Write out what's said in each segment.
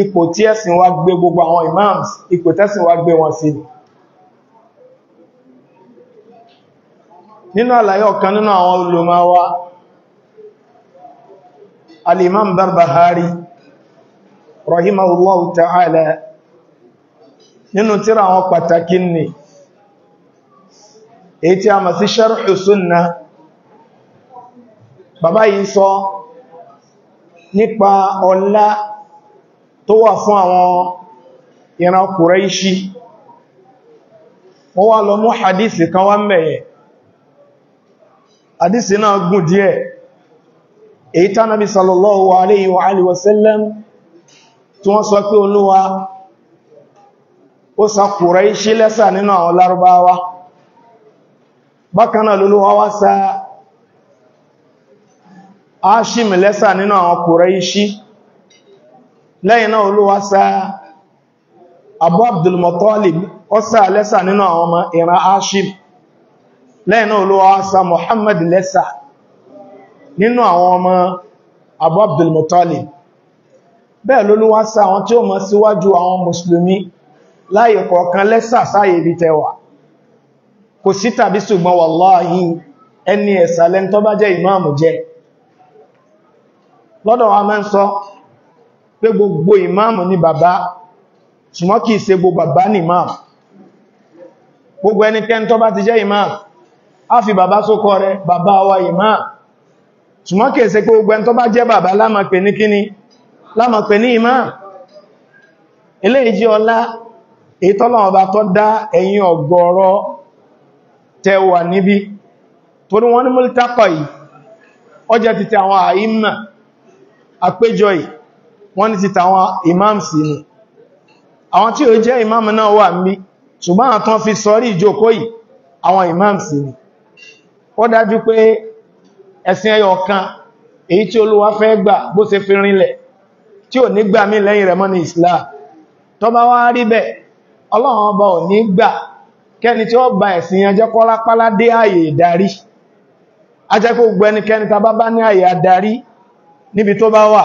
ipò tí ẹ̀sìn wa gbé gbogbo àwọn imams ipò tẹ́sìn wa gbé wọn sí nínú àlàyé ọ̀kan nínú àwọn olùmọ́wá al-imam Barbahari rahimahullahu ta'ala nínú tírà àwọn pàtàkì ni èyí tí a mọ̀ sí sharhu sunna bàbá yìí sọ nípa ọlá tó wà fún àwọn ìran Quraishi wọ́n wá lọ mú hadisi kan wá mẹ́yẹ̀ hadisi náà gùn díẹ̀ èyí tánàbí sallallahu alayhi wa alihi wa sallam tí wọ́n sọ pé olúwa ó sa Quraishi lẹ́sà nínú àwọn Lárúbáwá bákanáà lólúwa wá sa Hashim lẹ́sà nínú àwọn Quraishi lẹ́yìn náà olúwa sá Abdul lẹ́sà nínú àwọn ọmọ Muhammad lẹ́sà nínú àwọn ọmọ Abu Abdul Muttalib bẹ́ẹ̀ lólúwa sá àwọn tí ó mọ́ síwájú àwọn musulmi láyè kọ̀ọ̀kan lẹ́sà tẹwà kò sí tàbí ṣùgbọ́n ẹni ẹ̀sà ìmáàmù pé gbogbo ìmáàmù ní bàbá ṣùgbọ́n kìí ṣe gbogbo bàbá ní ìmáàmù gbogbo ẹnikẹ́ni tó bá ti jẹ́ ìmáàmù a fi bàbá sókọ rẹ bàbá wa ìmáàmù ṣùgbọ́n kìí ṣe gbogbo ẹni tó bá jẹ́ bàbá lámà pè ní kíní lámà pè ní ìmáàmù eléyìí jẹ́ ọlá èyí tọ́lọ́wọ́ bá tọ́ àpéjọ yìí wọ́n ní ti tàwọn imam sí ni àwọn tí ó jẹ́ imam náà wà mí ṣùgbọ́n àwọn tán fi sọrí ìjókòó yìí àwọn imam sí ni ó dájú pé ẹ̀sìn ẹyọ kan èyí tí olúwa fẹ́ gbà bó ṣe fi rinlẹ̀ tí ò ní gbà mí lẹ́yìn rẹ̀ mọ́ Islam ba ẹ̀sìn yẹn jẹ́ kọ́lápálá dé ààyè ìdarí ajẹ́kó gbẹ́nikẹ́ni tá bá bá níbi tó bá wà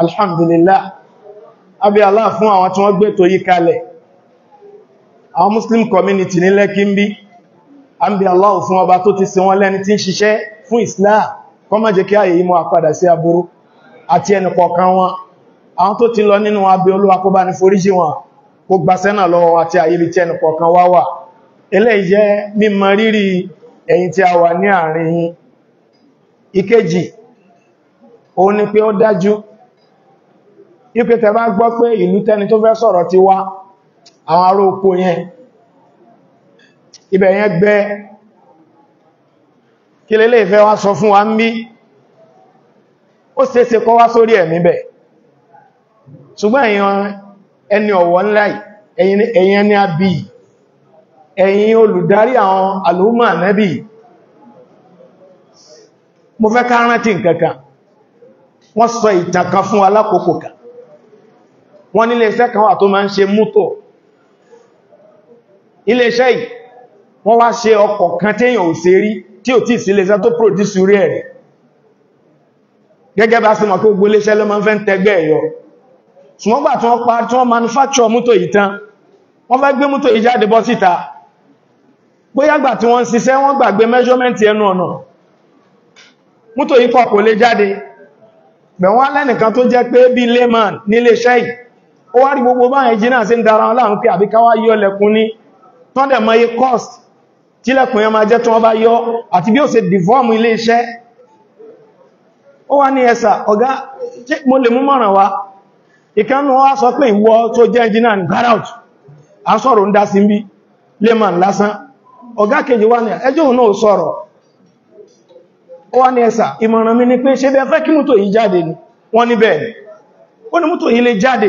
alhamdulillah abi Allah fún àwọn tí wọ́n gbé tó yí kalẹ̀ àwọn muslim community ni lẹ́kí ń Abi Allah fún ọba tó ti ṣe wọ́n lẹ́ni tí ń ṣiṣẹ́ islam kó má jẹ́ kí ààyè yìí mọ́ àpadà sí aburú àti ẹnì kọ̀ọ̀kan wọn àwọn tó ti lọ nínú abẹ́ Olúwa kó bá ní foríjì wọn kó gbasẹ́ náà lọ́wọ́ àti ààyè ibi tí ẹnì kọ̀ọ̀kan wá wà eléyìí jẹ́ mímọ̀ rírì ẹ̀yin tí a wà ní àárín yín ìkejì ni pé ó dájú ipe tẹ bá gbọ́ pé ìlú tẹni tó fẹ́ sọ̀rọ̀ ti wá àwọn ará oko yẹn ibẹ̀ yẹn gbẹ́ kí lélé ìfẹ́ wá sọ fún wa ń bí ó ṣeéṣe kọ́ wá sórí ẹ̀mí bẹ̀ ṣùgbọ́n èèyàn ẹni ọ̀wọ̀ ńlá ẹ̀yin ẹni àbí ẹ̀yin olùdarí àwọn àlúmà nẹ́bì mo fẹ́ ká rántí nǹkankan wọ́n sọ ìtàn fún alákòókò kan wọ́n ní iléeṣẹ́ kan wà tó máa ń ṣe mútò iléeṣẹ́ yìí wọ́n wá ṣe ọkọ̀ kan téèyàn ò ṣe rí tí ò tí sí iléeṣẹ́ tó produce rí ẹ̀rẹ̀ gẹ́gẹ́ bá sí mọ̀ tó gbó iléeṣẹ́ ló máa ń fẹ́ ń tẹgbẹ́ ẹ̀yọ ṣùgbọ́n gbà tí wọ́n pa tí wọ́n manufacture mútò yìí tán wọ́n fẹ́ gbé mútò yìí jáde bọ́ síta bóyá gbà tí wọ́n ń ṣiṣẹ́ wọ́n gbàgbé measurement ẹnu ọ̀nà mútò yìí kọ̀ kò lè jáde bẹ̀wọ́n alẹ́nìkan tó jẹ́ pé bí layman níléeṣẹ́ yìí ó wá rí gbogbo báyẹn jí náà sí ń dára wọn láàrín pé àbí káwá yọ lẹ̀kùn ní tán dẹ̀ mọ́ye cost tí lẹ̀kùn yẹn máa jẹ́ tí wọ́n bá yọ àti bí ó ṣe dìfọ́ọ̀mù ilé iṣẹ́ ó wá ní ẹsà ọ̀gá mo lè mú mọ̀ràn wá ìkánú wá sọ pé ìwọ tó jẹ́ ẹnjìnà ní get out a kejì ó ní ẹsà ìmọ̀ràn mi lè jáde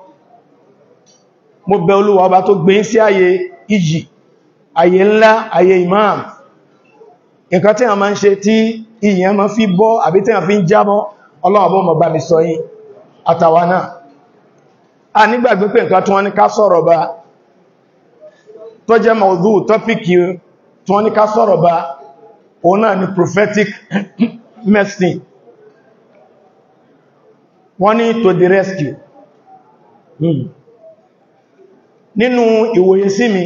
mo bẹ olúwa ọba tó gbé sí ayé ìjì ayé ńlá ayé imam nǹkan tí a ma ń ṣe tí ìyẹn ma fi bọ́ àbí tí a fi ń jábọ́ ọlọ́ọ̀bọ́ mọ̀ bá àtàwà náà a nígbàgbé pé nǹkan tí wọ́n ní ká sọ̀rọ̀ bá tó mọ̀ọ̀dú tọ́pìkì tí wọ́n ní ká sọ̀rọ̀ bá òun náà ni prophetic medicine wọ́n nínú ìwòye sí mi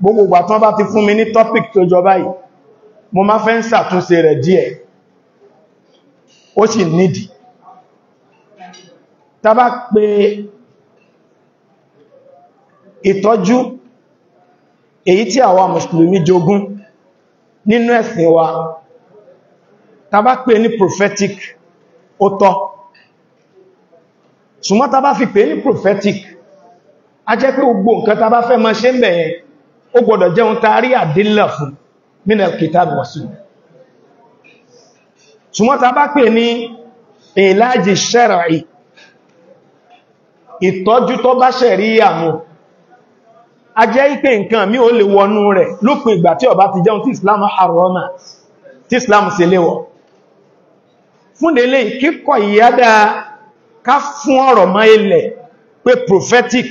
gbogbo ìgbà tán bá ti fún mi ní topic tó jọ báyìí mo máa fẹ́ ń ṣàtúnṣe rẹ̀ díẹ̀ ó sì nídìí tá bá pè ìtọ́jú èyí tí àwa mùsùlùmí jogún nínú ẹ̀sìn wa tá bá ní prophetic ó tọ́ ṣùgbọ́n tá bá fi pè ní prophetic a jẹ́ pé gbogbo nǹkan tá bá fẹ́ máa ṣe ń bẹ̀yẹn ó gbọ́dọ̀ jẹun taari àdínlẹ̀ fún min al-kitab wa sunnah ṣùgbọ́n tá bá pè ní ìlàjì ṣẹ́ràì ìtọ́jú tó bá ṣẹ̀rí àmú a jẹ́ ìpé nǹkan mí ó lè wọnú rẹ̀ lópin ìgbà tí ó bá ti jẹun tí Islam harọ́nà tí Islam ṣe léwọ̀ fúndélé kíkọ̀ ìyádá ká fún ọ̀rọ̀ mọ́ ilẹ̀ pé prophetic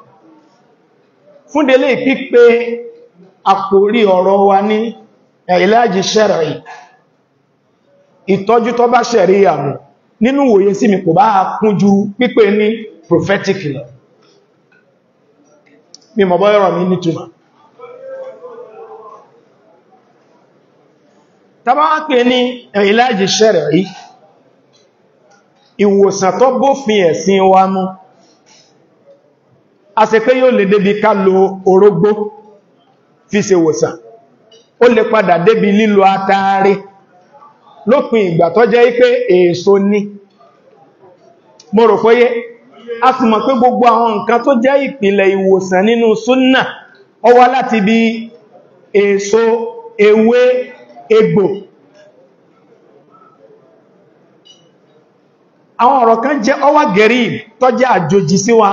fún délé pípé àkòrí ọ̀rọ̀ wa ní ìlàjì ṣẹ̀rẹ̀ ìtọ́jú tó bá ṣẹ̀rí àmù nínú wòye sí mi kò bá kún ju pípé ní prophetic lọ mi mọ̀ bọ́yọ̀rọ̀ mi nítumọ̀ tàbá wá pè ní ìlàjì ṣẹ̀rẹ̀ ìwòsàn tó ẹ̀sìn wa mú a ṣe pé yóò lè débi ká lo orógbó fi ṣe wòsàn ó lè padà débi lílo ataare lópin ìgbà tó jẹ́ pé èso ni mo rò fóyé a sì mọ̀ pé gbogbo àwọn nǹkan tó jẹ́ ìpìlẹ̀ ìwòsàn nínú súnnà ó wá láti bí èso ewé egbò àwọn ọ̀rọ̀ kan jẹ́ ọwá gẹ̀rí tó àjòjì sí wa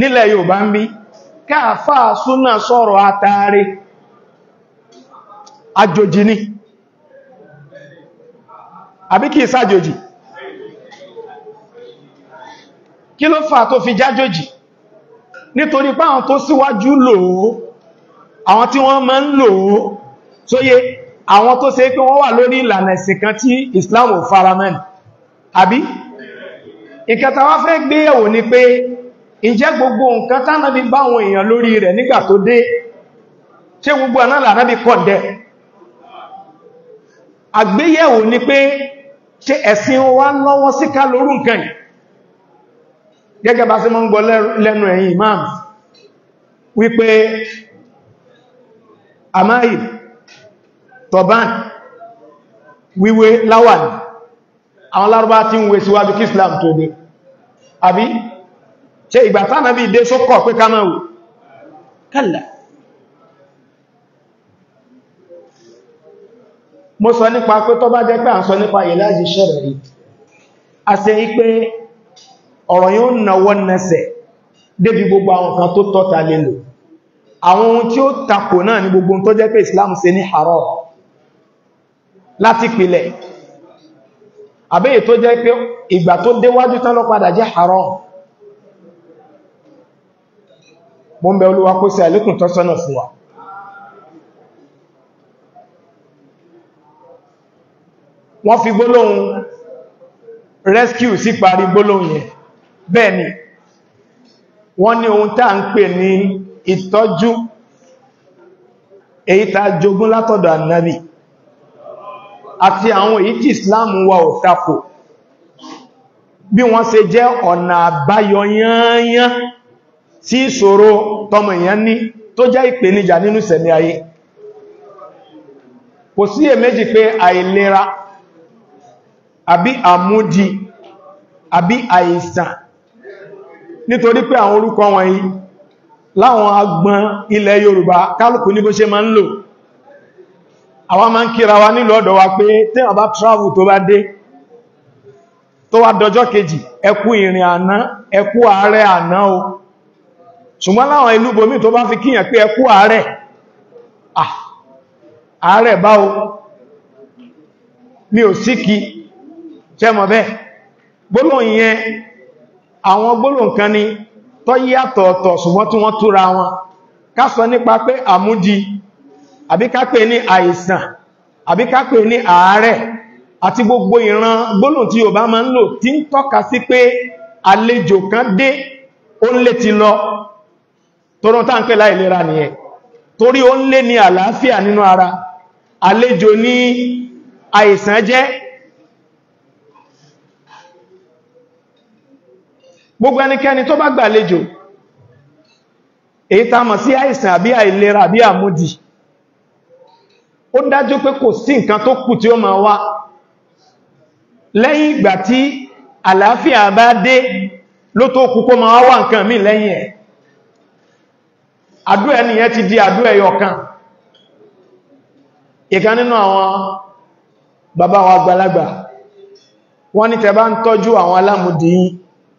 nílẹ̀ Yorùbá ń bí káàfà súnà sọ̀rọ̀ àtàrí àjòjì ni àbí kìí ṣàjòjì kí ló fà tó fi jájòjì nítorí pé àwọn tó síwájú lòó àwọn tí wọ́n máa ń lòó sóyé àwọn tó ṣe pé wọ́n wà lórí ìlànà ẹ̀sìn kan tí Islam ò faramẹ́ni àbí ìkẹta fẹ́ gbéyẹ̀wò ni pé ìjẹ́ gbogbo nǹkan tánàbí bá àwọn èèyàn lórí rẹ̀ nígbà tó dé ṣe gbogbo àná lànàbí kọ̀dẹ̀ àgbéyẹ̀wò ni pé ṣe ẹ̀sìn wa lọ́wọ́ sí ká lórú nǹkan yìí gẹ́gẹ́ bá sí mọ́ ń gbọ́ lẹ́nu ẹ̀yìn imam wípé àmáyì tọ̀bán wíwé láwàní àwọn lárúbá tí ń wé síwájú kí Islam tó dé àbí ṣe ìgbà tánà bí dé ṣókọ̀ pé ká máa wò kálà mo sọ nípa pé tó bá jẹ́ pé à ń sọ nípa ìlàjì ṣẹ̀rẹ̀ rí a ṣe yí pé ọ̀rọ̀ yóò náwọ́ nẹsẹ̀ débi gbogbo àwọn kan tó tọ́ta lélo àwọn ohun tí ó takò náà ní gbogbo tó jẹ́ pé Islam ṣe ní haram láti pìlẹ̀ àbẹ́yẹ tó jẹ́ pé ìgbà mo ń bẹ olúwa kó ṣe àlékún tọ́sọ́nà fún wa wọ́n fi gbólóhùn rescue sí parí gbólóhùn yẹn bẹ́ẹ̀ ni wọ́n ní ohun tá ń pè ní ìtọ́jú èyí tá jogún látọ̀dọ̀ ànábì àti àwọn èyí tí Islam wa ò tako bí wọ́n ṣe jẹ́ ọ̀nà àbáyọ yányán sí ìṣòro tọmọ èèyàn ní tó jẹ́ ìpèníjà nínú ìṣẹ̀mí ayé kò sí èméjì pé àìlera àbí àmúdi àbí àìsàn nítorí pé àwọn orúkọ wọ̀nyí láwọn agbọn ilẹ̀ Yorùbá kálùkù ní bó ṣe máa ń lò àwọn máa ń kíra wa nílò ọ̀dọ̀ wa pé tí wọ́n bá travel tó bá dé tó wá dọjọ́ kejì ẹkú ìrìn àná ẹkú ààrẹ àná o ṣùgbọ́n láwọn ìlú bomi tó bá fi kíyàn pé ẹkú ààrẹ ah, ààrẹ báwo mi ò síkí jẹmọ̀ bẹ́ẹ̀ gbólóhùn yẹn àwọn gbólóhùn kan ni tó yàtọ̀ ọ̀tọ̀ ṣùgbọ́n tí wọ́n túra wọn ká sọ nípa pé àmúdi àbí ká pè ní àìsàn àbí ká ní ààrẹ àti gbogbo ìran gbólóhùn tí Yorùbá máa ń lò tí ń tọ́ka sí pé àlejò kan dé ó ń lé ti lọ tọ́rọ tá ń pè láìlera nìyẹn torí ó ń lé ní àlàáfíà nínú ara àlejò ní àìsàn jẹ́ gbogbo ẹnikẹ́ni tó bá gbàlejò èyí tá mọ̀ sí àìsàn àbí àìlera àbí àmúdì ó dájú pé kò sí nǹkan tó kù tí ó máa wá lẹ́yìn ìgbà tí àlàáfíà bá dé ló tó kù kó máa wá nǹkan míì lẹ́yìn ẹ̀ àdúà ẹni yẹn ti di àdúà ẹyọ kan ìkan nínú àwọn bàbá wa àgbàlagbà wọ́n ní tẹ́ bá ń tọ́jú àwọn alámùdí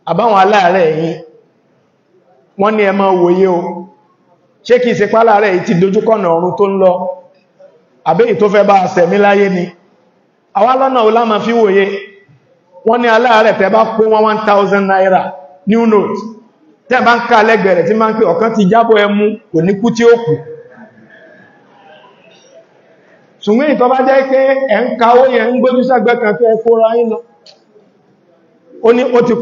àbáwọn aláàrẹ̀ yìí wọ́n ní ẹ máa wòye o ṣé kìí ṣe pálá rẹ̀ ti dojúkọ̀nà ọ̀run tó ń lọ àbẹ́yì tó fẹ́ bá sẹ̀mí láyé ni àwa lọ́nà ọlá fi wòye wọ́n ní aláàrẹ̀ tẹ́ bá kó 1000 naira new note tẹ́ bá ń ká lẹ́gbẹ̀rẹ̀ tí máa ń pè ọ̀kan ti jábọ̀ ẹmú kò ní kú tí ó kù ṣùgbọ́n ìtọ́ bá jẹ́ ẹ̀ ń ó yẹn ń gbójú sàgbẹ́ kan fẹ́ fóra ó ní ó ti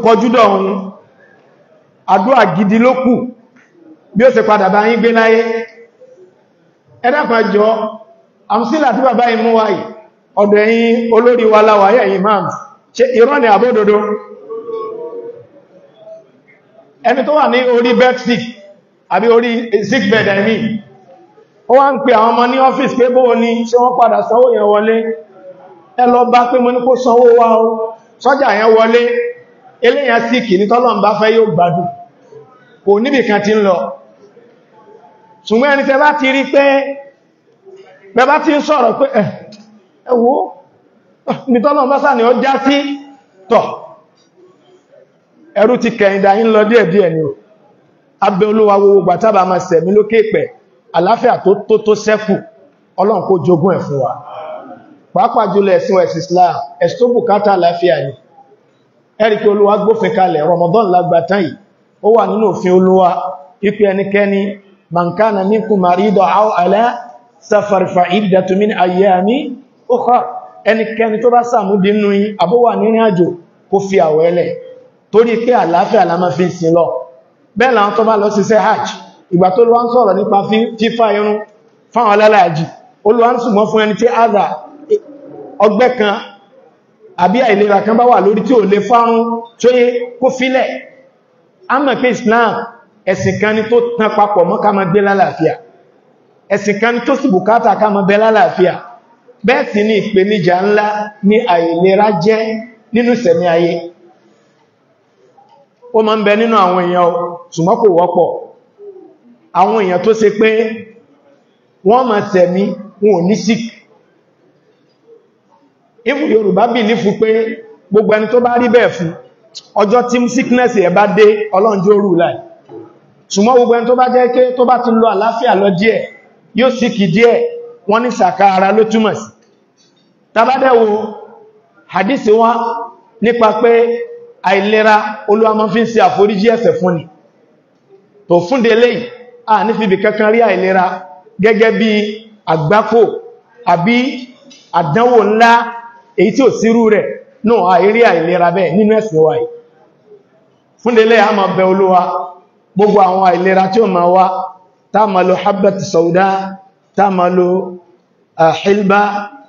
àdúrà gidi ló kù bí ó padà bá yín gbé láyé tí bàbá yìí mú wáyìí ọ̀dọ̀ ẹni tó wà ní orí bedsit àbí orí sickbed ẹ̀mí ó wá ń pè àwọn ọmọ ní ọ́fíìsì pé bóò ni ṣé wọ́n padà sanwó yẹn wọlé ẹ lọ bá pé mo ní kó sanwó wá o sọ́jà yẹn wọlé eléyàn síkì ní tọ́lọ̀n bá fẹ́ yóò gbádùn kò níbì kan ti ń lọ ṣùgbọ́n ẹni tẹ bá ti rí pé ẹrú ti kẹ̀yìndà yí ń lọ díẹ̀ díẹ̀ ni o abẹ́ olúwa wowó gbàtàbà máa sẹ̀mí lókè pẹ̀ àláfíà tó tó tó sẹ́kù ọlọ́run kó jogún ẹ̀ fún wa pàápàá jùlọ ẹ̀sìn ẹ̀sìn Islam ẹ̀sìn tó bùkátà àláfíà ni ẹ̀rí pé olúwa gbófin Ramadan lágbàtán yìí ó wà nínú òfin olúwa ipe ẹnikẹ́ni marido aw ala safarfa iddatu min ayyami ukhra ẹnikẹ́ni tó bá sàmúdínú yín àbówà nírìn àjò kó fi àwẹ́lẹ̀ torí pé àlàáfíà la máa fi ń sin lọ bẹ́ẹ̀ làwọn tó bá lọ sí iṣẹ́ hajj ìgbà tó lọ́wọ́ ń sọ̀rọ̀ nípa fífà irun fáwọn alálàájì olùwà ń sùnmọ́ fún ẹni tí àdà ọgbẹ́ kan àbí àìlera kan bá wà lórí tí ò lè fárún tó yé kó fílẹ̀ a mọ̀ pé Islam ẹ̀sìn kan ni tó tán papọ̀ mọ́ ká máa gbé lálàáfíà ẹ̀sìn kan ni tó sì bùkátà ká máa bẹ lálàáfíà bẹ́ẹ̀ sì ni ìpèníjà ńlá ni àìlera jẹ́ nínú ìṣẹ̀mí ayé ó ma ń bẹ nínú àwọn èèyàn ṣùgbọ́n kò wọ́pọ̀ àwọn èèyàn tó ṣe pé wọ́n ma sẹ̀mí wọn ò ní sick if Yorùbá bì ní fún pé gbogbo ẹni tó bá rí bẹ́ẹ̀ fún ọjọ́ tí sickness ẹ̀ bá dé ọlọ́njọ́ gbogbo ẹni bá bá ti lọ lọ yóò ara nípa pé àìlera olúwa máa fi ń ṣe àforíjí ẹ̀ṣẹ̀ fún ni tó fúnde léyìí a ní fi ailera kankan rí àìlera gẹ́gẹ́ bí àgbákò àbí àdánwò ńlá èyí tí ò sírú rẹ̀ náà àìrí àìlera bẹ́ẹ̀ nínú ẹ̀sìn wa yìí fúnde a máa bẹ olúwa gbogbo àwọn àìlera tí ó máa wá tá máa lo habbat sauda tá máa lo hilba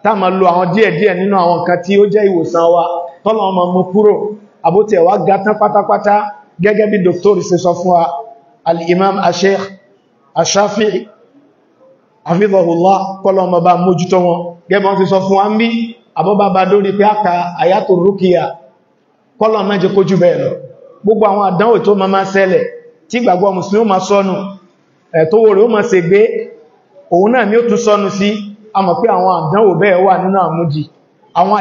tá máa lo àwọn díẹ̀díẹ̀ nínú àwọn nǹkan tí ó jẹ́ ìwòsàn wa tọ́lọ́ ọmọ mú kúrò àbótẹ̀ wá gátán pátápátá gẹ́gẹ́ bí dòktórí ṣe sọ fún al'imam asheikh ashafi'i afidahullah kọlọmọ bá mójútó wọn gẹ́gbọ́n fi sọ fún wa ń bí àbọ́bá bá dórí pé áka àyàtò rúkìyà kọlọ̀ mẹ́jẹ kójú bẹ́ẹ̀ lọ gbogbo àwọn àdánwò tó ma máa ṣẹlẹ̀ tí gbàgbọ́ mùsùlùmí ó ma sọnù ẹ̀tọ́wò rẹ̀ ó ma ṣe gbé òun náà ni ó tún sọnù sí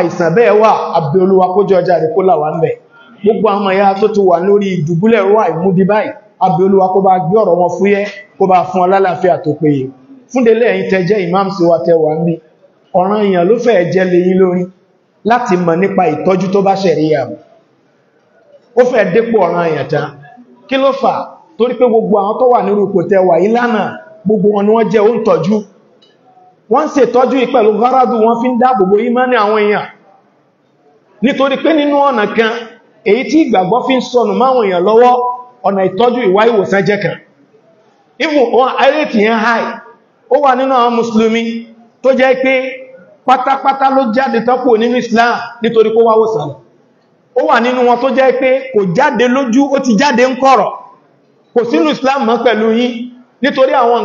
àìsàn bẹ́ẹ̀ wà abẹ́ kójọ ọjà rẹ̀ kó ń bẹ̀ gbogbo àwọn ẹ̀yà tó ti wà lórí ìdùbúlẹ̀ rọ́ àìmúdí báyìí abẹ́ olúwa kó bá gbé ọ̀rọ̀ wọn fúyẹ́ kó bá fún ọlálàáfíà tó péye fúndélẹ̀ ẹ̀yin tẹ́ imam sí wa tẹ́ wà ní ọ̀ràn èèyàn ló fẹ́ jẹ́ lẹ́yìn lórí láti mọ̀ nípa ìtọ́jú tó bá ṣẹ̀ríyà ó fẹ́ dépò ọ̀ràn èèyàn tán kí ló fà torí pé gbogbo àwọn tó wà nírú ipò tẹ́ wà yìí lánàá gbogbo ni wọ́n jẹ́ kan èyí tí ìgbàgbọ́ fi ń sọnù máwọn èèyàn lọ́wọ́ ọ̀nà ìtọ́jú ìwá ìwòsàn jẹ́ kan even wọn àìrètì yẹn high ó wà nínú àwọn mùsùlùmí tó jẹ́ pé pátápátá ló jáde tọ́pù nínú Islam nítorí kó wáwòsàn ó wà jáde ti jáde pẹ̀lú nítorí àwọn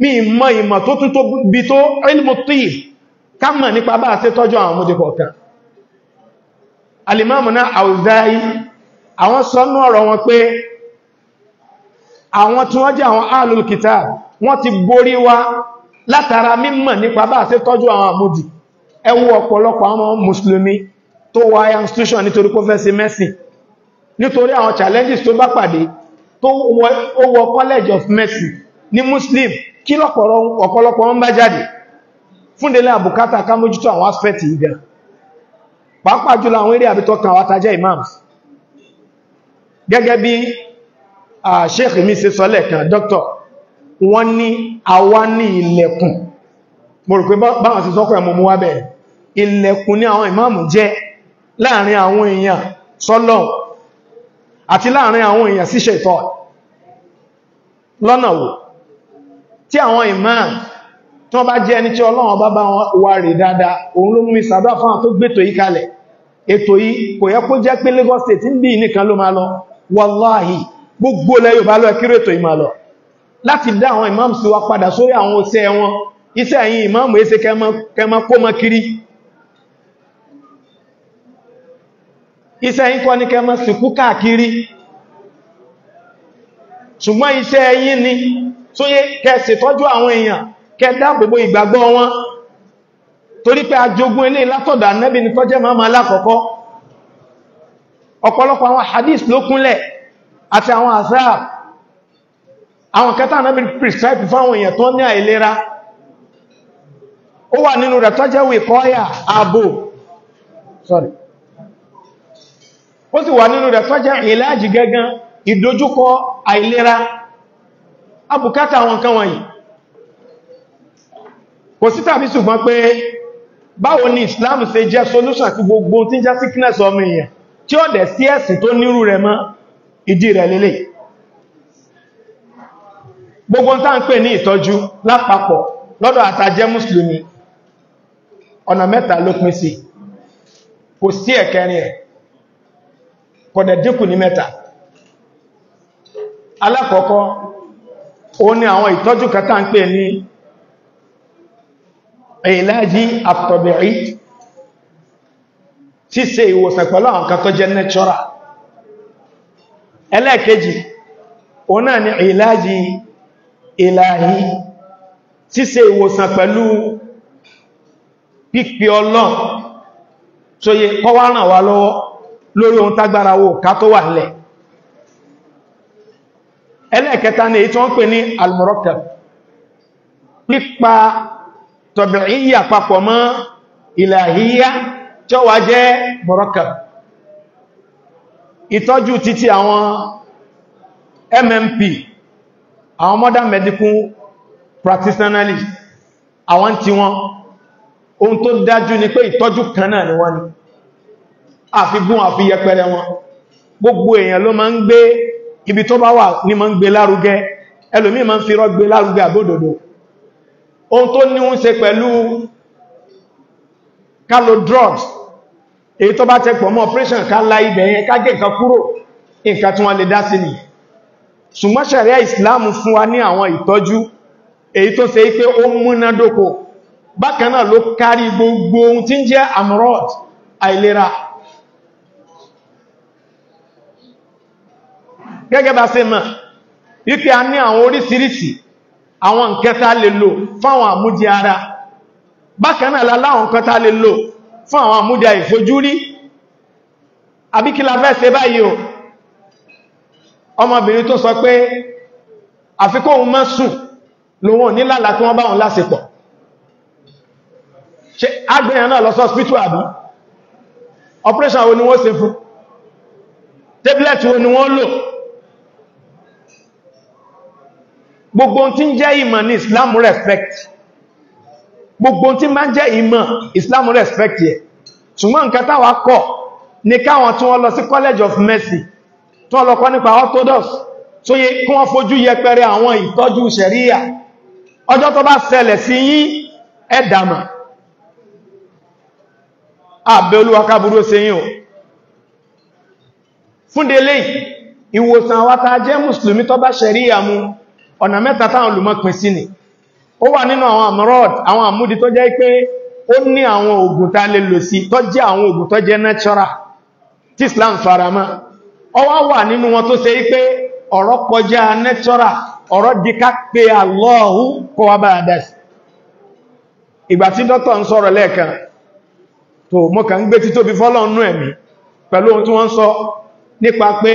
mi mọ ìmọ̀ tó tún tó bí tó ilmu tíì ká mọ̀ nípa bá ṣe tọ́jú àwọn ọmọdé kọ̀ọ̀kan alìmáàmù náà àwùzáyí àwọn sọ́nú ọ̀rọ̀ wọn pé àwọn tí wọ́n jẹ́ àwọn ahlul kitab wọ́n ti borí wa látara mímọ̀ nípa bá ṣe tọ́jú àwọn àmójì ẹ wo ọ̀pọ̀lọpọ̀ àwọn mùsùlùmí tó wá institution nítorí kó fẹ́ ṣe mẹ́sìn nítorí àwọn challenges tó bá pàdé tó wọ college of mercy ní muslim kí ọ̀pọ̀lọpọ̀ ń bá jáde fúndélé àbùkátà ká mójútó àwọn aspẹ́tì ìgbà pàápàá jùlọ àwọn eré àbítọ́kàn àwọn atajẹ́ imams gẹ́gẹ́ bí a sheikh mi ṣe sọ lẹ́ẹ̀kan dr wọ́n ní àwa ní ilẹ̀kùn mo rò pé báwọn ti sọ́kọ̀ ẹ̀mọ̀ mú wá bẹ̀rẹ̀ ilẹ̀kùn ní àwọn imam jẹ́ láàrin àwọn èèyàn sọ́lọ̀ tí àwọn imam tí wọ́n bá jẹ́ ẹni tí ọlọ́run bá bá wa rí dáadáa òun ló mú mi sàdá fún àwọn tó gbétò yí kalẹ̀ ètò yí kò yẹ kó jẹ́ pé Lagos State ń bí nìkan ló máa lọ wàláhì gbogbo imam sí wa padà sórí àwọn iṣẹ́ wọn imam èsẹ kẹmọ kó mọ kiri iṣẹ́ ẹ̀yìn kọ́ ní kẹmọ sìnkú káàkiri ṣùgbọ́n iṣẹ́ ẹ̀yìn ni tó yé kẹsì tọ́jú àwọn èèyàn kẹ gbogbo ìgbàgbọ́ wọn torí pé ajogun ilé látọ̀dà nẹ́bí ni tọ́jẹ́ máa ma lákọ̀ọ́kọ́ ọ̀pọ̀lọpọ̀ àwọn hadith ló kúnlẹ̀ àti àwọn azhar àwọn kẹta nẹ́bí prescribe fáwọn èèyàn tó ní àìlera ó wà nínú rẹ̀ tọ́jẹ́ wìkọ́yà ààbò sorry ó sì wà nínú rẹ̀ tọ́jẹ́ ìlàjì gẹ́gẹ́ ìdojúkọ àìlera abùkátà àwọn nǹkan wọ̀nyí kò sí tàbí ṣùgbọ́n pé báwo ni Islam ṣe jẹ́ solution sí gbogbo tí ń já sickness ọmọ èèyàn tí ó dẹ̀ sí ẹ̀sìn tó nírú rẹ̀ mọ́ ìdí rẹ̀ lélẹ̀ gbogbo tá ń pè ní ìtọ́jú lápapọ̀ lọ́dọ̀ àtàjẹ́ mùsùlùmí ọ̀nà mẹ́ta ló pín sí kò sí ẹ̀kẹrin ẹ̀ kọ̀dẹ̀ dínkù ní mẹ́ta alákọ̀ọ́kọ́ ó ní àwọn ìtọ́jú kẹta ń pè ní ìlàjí àtọ̀bẹ̀rí ṣíṣe ìwòsàn pẹ̀lú àwọn kan tó jẹ́ natural ẹlẹ́ẹ̀kejì ó náà ni ìlàjí ìlàhí ṣíṣe ìwòsàn pẹ̀lú pípẹ ọlọ́n tó yẹ lọ́wọ́ lórí ohun tágbára ká tó wà ẹlẹ́ẹ̀kẹta ni èyí tí wọ́n pè ní al-murakkab pípa tọ̀bìíyà papọ̀ mọ́ ìlàhíyà tí ó wá jẹ́ murakkab ìtọ́jú títí àwọn MMP àwọn modern medical practitioners àwọn tí wọ́n ohun tó dájú ni pé ìtọ́jú kan náà ni wọ́n ni àfigún àfiyẹpẹrẹ wọn gbogbo èèyàn ló máa ń gbé ibi tó bá wà ní ma ń gbé lárugẹ ẹlòmí ma ń fi rọ́ gbé lárugẹ àbódòdó ohun tó ní ń pẹ̀lú kálò drugs èyí tó bá tẹpọ̀ mọ́ operation ká la ibẹ̀ yẹn ká gé nǹkan kúrò nǹkan tí wọ́n lè dá sí ni ṣùgbọ́n ṣẹ̀ríà ìsìláàmù fún wa ní àwọn ìtọ́jú èyí tó ṣe pé ó múnádóko bákan náà ló kárí gbogbo ohun tí ń jẹ́ amrod àìlera gẹ́gẹ́ bá ṣe mọ̀ wípé a ní àwọn oríṣiríṣi àwọn nǹkan tá lè lò fáwọn àmújẹ ara bákan náà láláwọn nǹkan tá lè lò fún àwọn àmújẹ ìfojúrí àbí kí la fẹ́ ṣe báyìí o ọmọbìnrin tó sọ pé àfikún òun máa sùn lòun ní lálà tí wọ́n bá wọn láṣepọ̀ ṣe agbẹ̀yàn náà lọ sọ spítù àbí operation wo ni wọ́n ṣe fún tablet wo ni wọ́n lò gbogbo tí ń jẹ́ ìmọ̀ ní Islam respect gbogbo tí máa jẹ́ ìmọ̀ Islam respect yẹ ṣùgbọ́n nǹkan táwa kọ̀ ní káwọn tí wọ́n lọ sí College of Mercy tí wọ́n lọ kọ́ nípa orthodox tó yẹ kí wọ́n fojú yẹpẹrẹ àwọn ìtọ́jú sẹ̀ríyà ọjọ́ tó bá ṣẹlẹ̀ sí yín ẹ̀dàmà àbẹ̀ olúwa káburú ṣe yín o fúndélé ìwòsàn àwátá jẹ́ mùsùlùmí tó bá sẹ̀ríyà mu ọ̀nà mẹ́ta táwọn olùmọ̀ pín sí ni ó wà nínú àwọn àmúrọ̀d àwọn àmúdi tó jẹ́ pé ó ní àwọn ògùn tá lè lò sí tó jẹ́ àwọn ògùn tó jẹ́ natural tí Islam faramọ́ ó wá wà nínú wọn tó ṣe pé ọ̀rọ̀ kọjá Allahu kó wá bá dẹ̀sì ìgbà tí dọ́tọ̀ ń sọ̀rọ̀ lẹ́ẹ̀kan tó mọ́ kàn ń gbé títóbi fọ́lọ́ nípa pé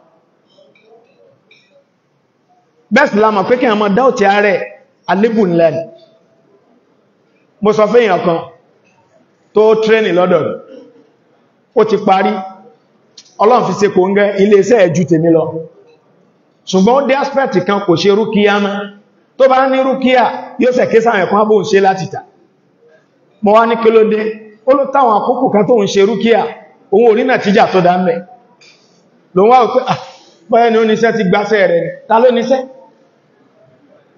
bẹ́ẹ̀sì lámà pé kí a mọ́ dáòtí ààrẹ alébù ńlẹ̀ mo sọ fẹ́yìn ọ̀kan tó tréní lọ́dọ̀ ó ti parí fi kò ń gẹ́ iléeṣẹ́ ẹ̀jú tèmi lọ ṣùgbọ́n ó dé aspect kan kò ṣe rúkíá mọ́ tó bá ní rúkíá yóò sẹ̀ kéṣà ẹ̀kún àbò ń ló dé ah, ni ta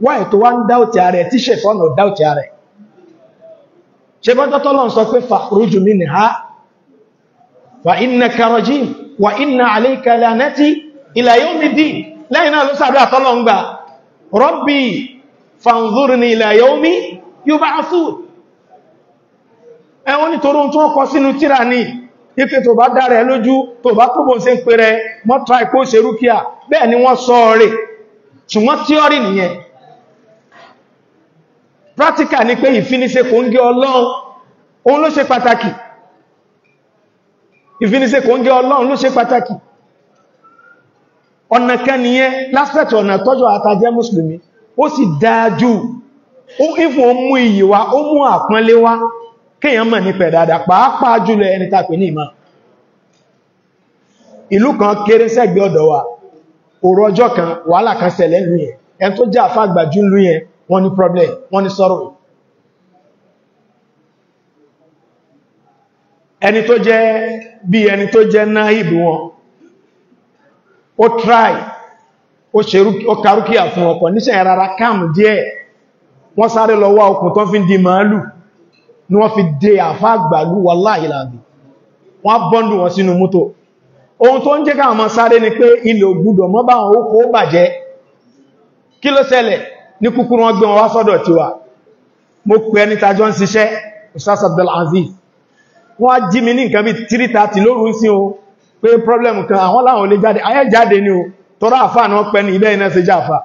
wáyé tó wá ń dáòtì ààrẹ tí ṣèfọ́nà dáòtì ààrẹ ṣe bọ́jọ́ tọ́lọ̀ ń sọ pé fàkúrújù mi nìha wà iná karọjí wà iná àlékalẹ̀ anẹ́tí ilẹ̀ yóò mi dì lẹ́yìn náà ló sàdọ́ àtọ́lọ̀ ń gbà ṣùgbọ́n tíọ́rì nìyẹn practical ni pé ìfinisẹ́ kò nge gẹ́ ọlọ́run òun ló ṣe pàtàkì ìfinisẹ́ kò ń gẹ́ ọlọ́run ló ṣe pàtàkì ọ̀nà kan nìyẹn láspẹ̀tì ọ̀nà tọ́jọ àtàjẹ́ mùsùlùmí ó sì dáájú ó ìfún ó mú iyì wá ó mú àpọ́nlé wá kéèyàn mọ̀ ní pẹ̀dàdà pàápàá jùlọ ẹni tàpé ní ìmá ìlú kan kéré sẹ́gbẹ́ ọ̀dọ̀ wa òru ọjọ́ kan wàhálà kan ṣẹlẹ̀ lú yẹn ẹni tó jẹ́ àfàgbà jù lú yẹn wọ́n ni problem wọ́n ni sorrow ẹni tó jẹ́ bí ẹni tó jẹ́ náìbì wọn ó try ó karúkíà fún ọkọ̀ níṣẹ́ rárá káàmù díẹ̀ wọ́n sáré lọ wá okùn tó fi dì màálù ní fi dé àfá àgbàlú wà láìláàbì wọ́n bọ́ndù wọn sínú mútò ohun tó ń jẹ́ ni pé ilẹ̀ ògbúdọ̀ wọn ní kúkúrú wọn gbé wọn wá sọ́dọ̀ tiwa mo pè ẹni tàjọ ń ṣiṣẹ́ Ustaz Aziz wọ́n á jí mi ní nǹkan bí 3:30 lóru ń o pé problem kan àwọn láwọn olè jáde ayé jáde ni o tọ́rọ àfà náà pẹ́ ní ibẹ́ iná sí jáfà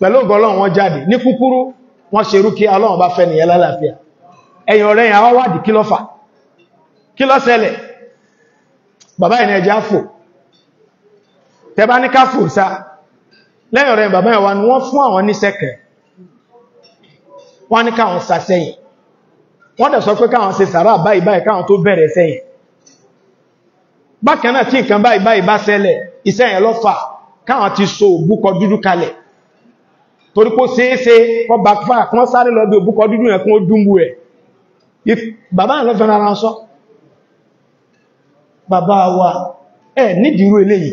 pẹ̀lú ọgọ́lọ́ wọn jáde ní kúkúrú wọ́n ṣe rú kí Ọlọ́run bá fẹ́ nìyẹn lálàáfíà ẹ̀yìn ọ̀rẹ́ yẹn awáwádìí kí ló fà kí ló ṣẹlẹ̀ lẹ́yìn ọ̀rẹ́ bàbá ẹ̀wà ni wọ́n fún àwọn níṣẹ́kẹ̀ wọ́n ní káwọn sàṣẹ́yìn wọ́n dẹ̀ sọ pé káwọn ṣe sàrá báyìí báyìí káwọn tó bẹ̀rẹ̀ sẹ́yìn bákan náà tí nǹkan báyìí báyìí bá ṣẹlẹ̀ iṣẹ́ yẹn ló fà káwọn ti so òbúkọ dúdú kalẹ̀ torí pé ṣeéṣe kọ́ bá fà kán sáré lọ bí òbúkọ dúdú yẹn kún ó dúnbù rẹ̀ bàbá àlọ́ fẹ́ràn ara sọ bàbá wa ẹ̀ nídìí irú eléyìí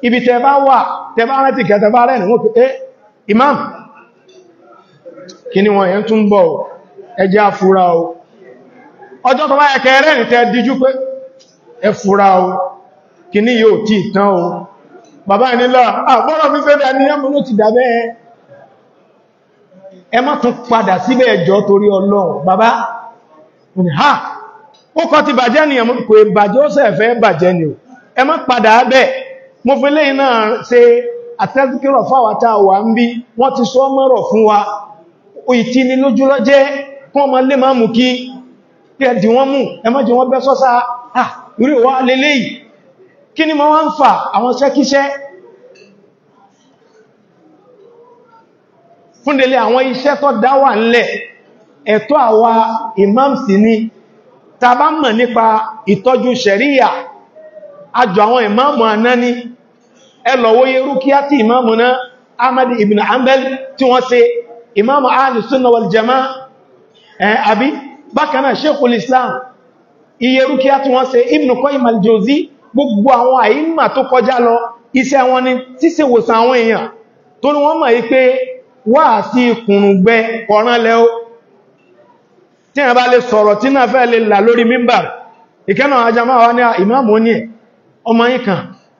ibi tẹ bá wà tẹ bá rántí kẹ tẹ bá rẹ̀ ní wọ́n pé eh imam kí ni wọ́n yẹn tún bọ̀ ẹjẹ́ afúra o ọjọ́ tó bá ẹ̀kẹ́ rẹ̀ ní tẹ díjú pé ẹ fúra o kí ni yóò tí tán o bàbá ìnílọ àgbọ́rọ̀ fífẹ́ rẹ̀ ní ẹmú ló ti dàbẹ́ ẹ má tún padà síbẹ̀ ẹjọ́ torí ọlọ́run bàbá ha ó kọ́ ti bàjẹ́ ni ẹmú pé bàjẹ́ ó sẹ́ẹ̀fẹ́ bàjẹ́ ni o ẹ má padà bẹ́ẹ̀ mo fi lè náà ṣe àtẹ́síkírọ̀ fáwátá wà ń bí wọ́n ti sọ mọ́rọ̀ fún wa ìtí ni lójú lọ jẹ́ kún ọmọ lè máa mú kí ẹ̀dì wọ́n mú ẹmọ́jì wọ́n bẹ́ sọ́sá àrí wà lélé yìí kí ni máa ń àwọn ìmáàmù àná ẹlọ̀wóyé rúkíyá tí ìmáàmù náà Ahmad ibn Hanbal tí wọ́n ṣe ìmáàmù Ahlus-Sunnah wal Jamā'ah àbí bákanáà Sheikhul Islam iye rúkíyá tí wọ́n ṣe Ibn Qayyim al-Jawziyya gbogbo àwọn àyíma tó kọjá lọ iṣẹ́ wọn ni ṣíṣe wòsàn àwọn èèyàn tó ní wọ́n mọ̀ yí pé wà sí kùnrùngbẹ kọ̀rán lẹ́ o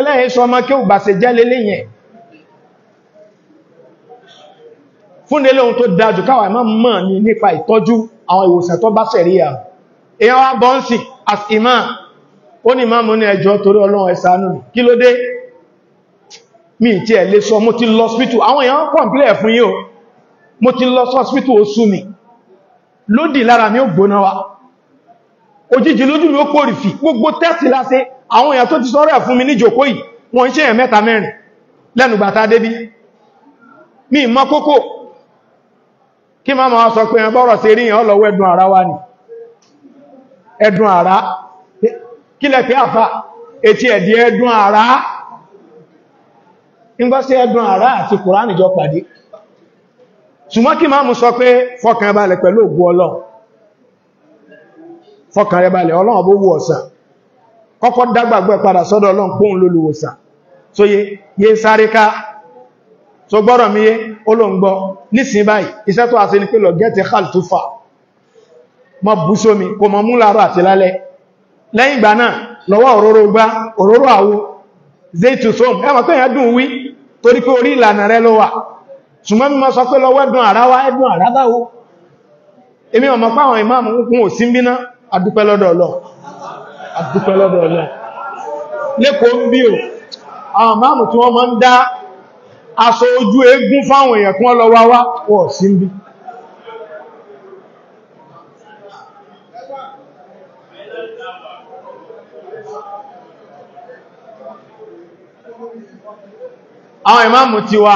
eléyìn sọ ọmọ kí ò gbàṣẹ jẹ́ lélẹ́yìn fún ilé ohun tó dájú káwà má mọ̀ ní nípa ìtọ́jú àwọn ìwòsàn tó bá sẹ̀rí à èyàn wá bọ́ ń sì as imam ó ní máa mú ní ẹjọ́ torí ọlọ́run ẹ̀sánú kí ló dé mi tí ẹ̀ lè sọ mo ti lọ hospital àwọn èèyàn kọ̀m̀pílẹ̀ fún yíò mo ti lọ hospital ó sú mi lódì lára mi ó gbóná wa òjijì lójú mi ó pòrìfì gbogbo tẹ́sì láṣe àwọn èèyàn tó ti sọ́rọ̀ ẹ̀ fún mi ní jòkó yìí wọ́n ń ṣe èèyàn mẹ́ta mẹ́rin lẹ́nugbàtà débí mi mọ́ kókó kí máa ma sọ pé ẹgbọ́rọ̀ sí rí yàn lọ́wọ́ ẹ̀dùn ara wa ni ẹ̀dùn ara kí lẹ́ pé àfà etí ẹ̀dì ẹ̀dùn ara nígbọ́ sí ẹ̀dùn ara àti Kùránì jọ pàdé ṣùgbọ́n kí máa mú sọ pé fọkàn pẹ̀lú ògbó Ọlọ́run fọkàn rẹ̀ balẹ̀ kọ́kọ́ dágbàgbọ́ padà sọ́dọ̀ ọlọ́run pòun lólùwòsàn so ye ye sáré ká so gbọ́rọ̀ mi yé olóǹgbọ́ nísìn báyìí iṣẹ́ tó àṣẹ ni pé lọ gẹ́ẹ̀tì hàl tó fà mọ bú sómi kò mọ mú láàárọ̀ àti lálẹ́ lẹ́yìn ìgbà náà lọ́wọ́ òróró gbá òróró àwo zaitu som ẹ mọ̀ pé èèyàn dùn wí torí pé orí ìlànà rẹ ló wà ṣùgbọ́n mi máa sọ pé lọ́wọ́ ẹ̀dùn àdúpẹ́ lọ́dọ̀ Ọlọ́run lẹ́kọ̀ọ́ ń bí o àwọn máàmù tí wọ́n máa ń dá aṣọ ojú eégún fáwọn èèyàn kún ọlọ́wà wá wọ́ sí ń bí àwọn ìmáàmù ti wa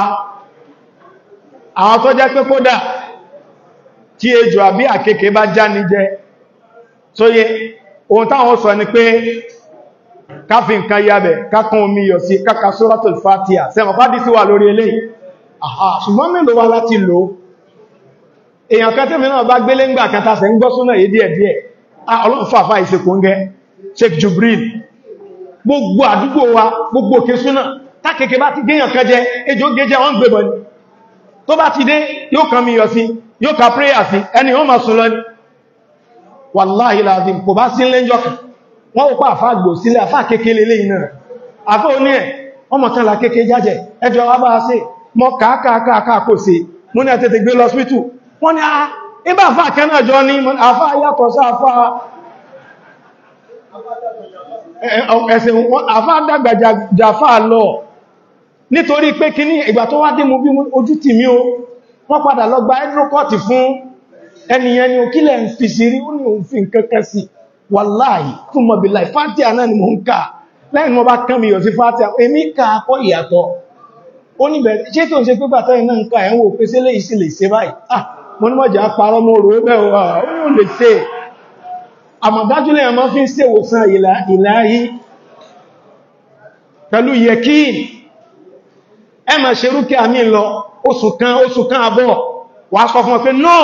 àwọn tó jẹ́ pé kódà tí ejò àbí àkekèé bá já ní jẹ tó yé ohun táwọn sọ ni pé káfí nǹkan yabẹ̀ kákan omi yọ̀ sí káka suratul fatiha sẹ́mọ̀ fàdí sí wà lórí eléyìí àhà ṣùgbọ́n mélòó wá láti lò ó èèyàn kan tẹ́mi náà bá gbélé ńgbà kan tàṣẹ ń gbọ́ súnà yìí díẹ̀ díẹ̀ ah, ọlọ́run fàfà ìsekò Jubril gbogbo àdúgbò wa gbogbo òkè súnà tákèké bá ti géèyàn kan jẹ ejò géjẹ wọ́n gbébọn tó bá ti dé yóò kan mi yọ sí yóò ka prayer sí ẹni wọ́n máa sùn lọ ni wàláhì láàdín kò bá sí lẹ́jọ́ kan wọ́n pa àfá sílẹ̀ àfá kékeré lè iná àfá oní ẹ̀ ọmọ tán la kékeré ẹjọ́ wá bá sí mọ́ kò sí mú ní lọ wọ́n ni ẹniyàn ni òkílẹ̀ ń fi sí rí ó ní òun fi nkankan sí wàláhì fún mọ̀bíláì fàtíà náà ni mo ń kà lẹ́yìn mo bá kán mi yọ̀ sí fàtíà èmi kà kọ́ ìyàtọ̀ ó ní bẹ̀rẹ̀ ah mo ní mọ̀jà parọ́ mo rò ó bẹ́ẹ̀ wà ah, ó lè ṣe àmọ̀dájú lẹ́yìn máa fi ń ṣe ìwòsàn ìlàáyí pẹ̀lú yẹ̀kí ẹ máa ṣerú kí àmì lọ oṣù kan oṣù kan àbọ̀ wàá sọ fún ọ náà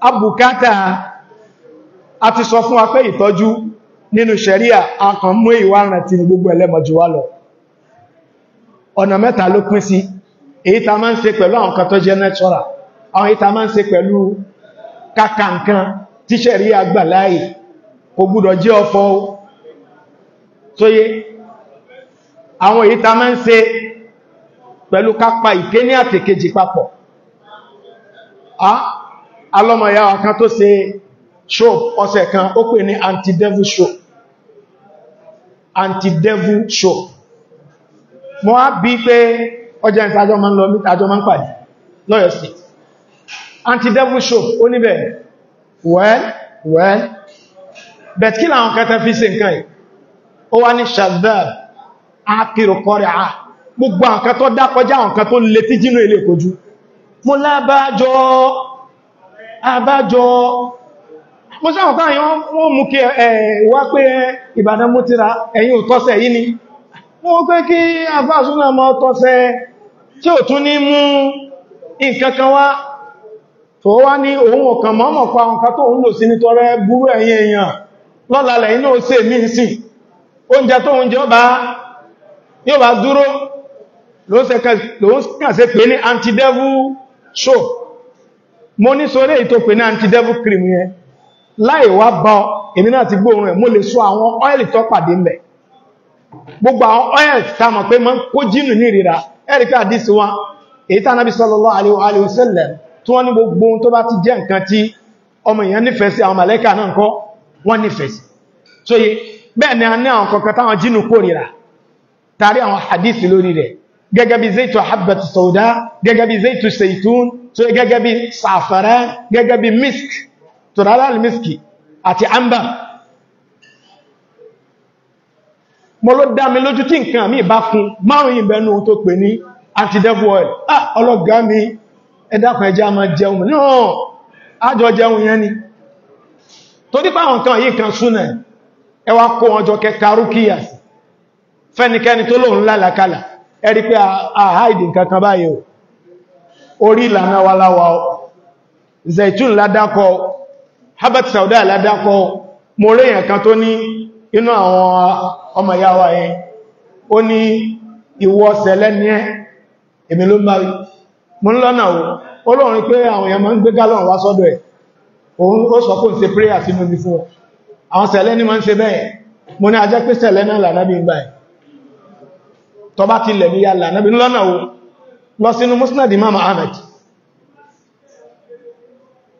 abùkátà a ti sọ fún wa pé ìtọ́jú nínú ṣẹ̀ríà akànmú ìwà rántí ní gbogbo ẹlẹ́mọ̀jú wá lọ ọ̀nà mẹ́ta ló pín sí èyí ta máa ń ṣe pẹ̀lú àwọn kan tó jẹ́ natural àwọn èyí ta máa ń ṣe pẹ̀lú kàkà nǹkan tí ṣẹ̀ríà gbà láàyè kò gbúdọ̀ jẹ́ ọ̀fọ̀ tóyé àwọn èyí ta máa ń ṣe pẹ̀lú kápa ìkéní àtèkejì papọ̀ alọ́mọ̀yá ọ̀kan tó ṣe show ọ̀sẹ̀ kan ó pè ní anti-devil show anti-devil show mo á bí pé ọjà ìtajọ́ ma ń lọ mítàjọ́ ma ń pàdé lọ́yọ̀ sí anti-devil show ó níbẹ̀ well well bet kí làwọn kẹta fi ṣe nǹkan yìí ó wá ní shazab akírokọrẹ̀ à gbogbo àwọn kan tó dákọjá àwọn kan tó lè jínú ilé ìkojú mo lábájọ́ àbájọ mo sáwọn táyán wọ́n mú kí wá pé Ìbàdàn mú tíra ẹ̀yìn ò yìí ni wọ́n pẹ́ kí àfáàsúnà mọ́ tọ́sẹ̀ tí ò tún ní mú nǹkankan wá tó wá ní òun ọ̀kan mọ́mọ̀ pa tó ń lò sí ẹ̀yìn èèyàn mo ní sọ léyìí tó pè ní anti devil cream yẹn láì wá bá ọ èmi náà ti gbóòórùn ẹ̀ mo lè sọ àwọn ọ́ẹ̀lì tó pàdé ń bẹ̀ gbogbo àwọn ọ́ẹ̀lì tá a mọ̀ pé máa ń kó jínù ní ìrira ẹ̀rí pé àdísí wọn èyí tá nábi sallallahu alaihi wa sallam tí wọ́n ní gbogbo ohun tó bá ti jẹ́ nǹkan tí ọmọ èèyàn nífẹ̀ẹ́ sí àwọn màlẹ́kà náà kọ́ wọ́n nífẹ̀ẹ́ sí so yé bẹ́ẹ̀ ni a ní àwọn kankan táwọn jínù kórìíra tàrí àwọn hadisi lórí rẹ̀ gẹ́gẹ́ bí zaitu habbatu sauda gẹ́gẹ́ bí zaitu seitun tó yẹ gẹ́gẹ́ bí sàfẹ́rẹ́ gẹ́gẹ́ bí misk tòrálàlì miski àti amba. mo ló dá mi lójú tí nǹkan mi bá fún márùn yìí bẹnu tó pè ní anti-devil oil ah ọlọ́gá mi ẹ̀dàkùn ẹjá máa jẹun náà ájọ jẹun yẹn ni tó dípá àwọn nǹkan yìí kan súnà ẹwà kó ọjọ́ kẹta rúkíyà fẹ́nikẹ́ni tó lóun lálàkálà ẹ̀rí pé àháìdì nǹkan kan báyìí orí ìlànà wa ọ zaitun habat sauda mo rí kan tó ní inú ọmọ ìyá wa yẹn ó ní ìwọ ẹ́ èmi ló lọ́nà ò pé àwọn èèyàn máa ń gbé wá sọ́dọ̀ ẹ̀ ó sọ àwọn sẹ̀lẹ́ ní máa ń bẹ́ẹ̀ mo ní ajẹ́ pé sẹ̀lẹ́ náà lọ sínú musnad imam ahmed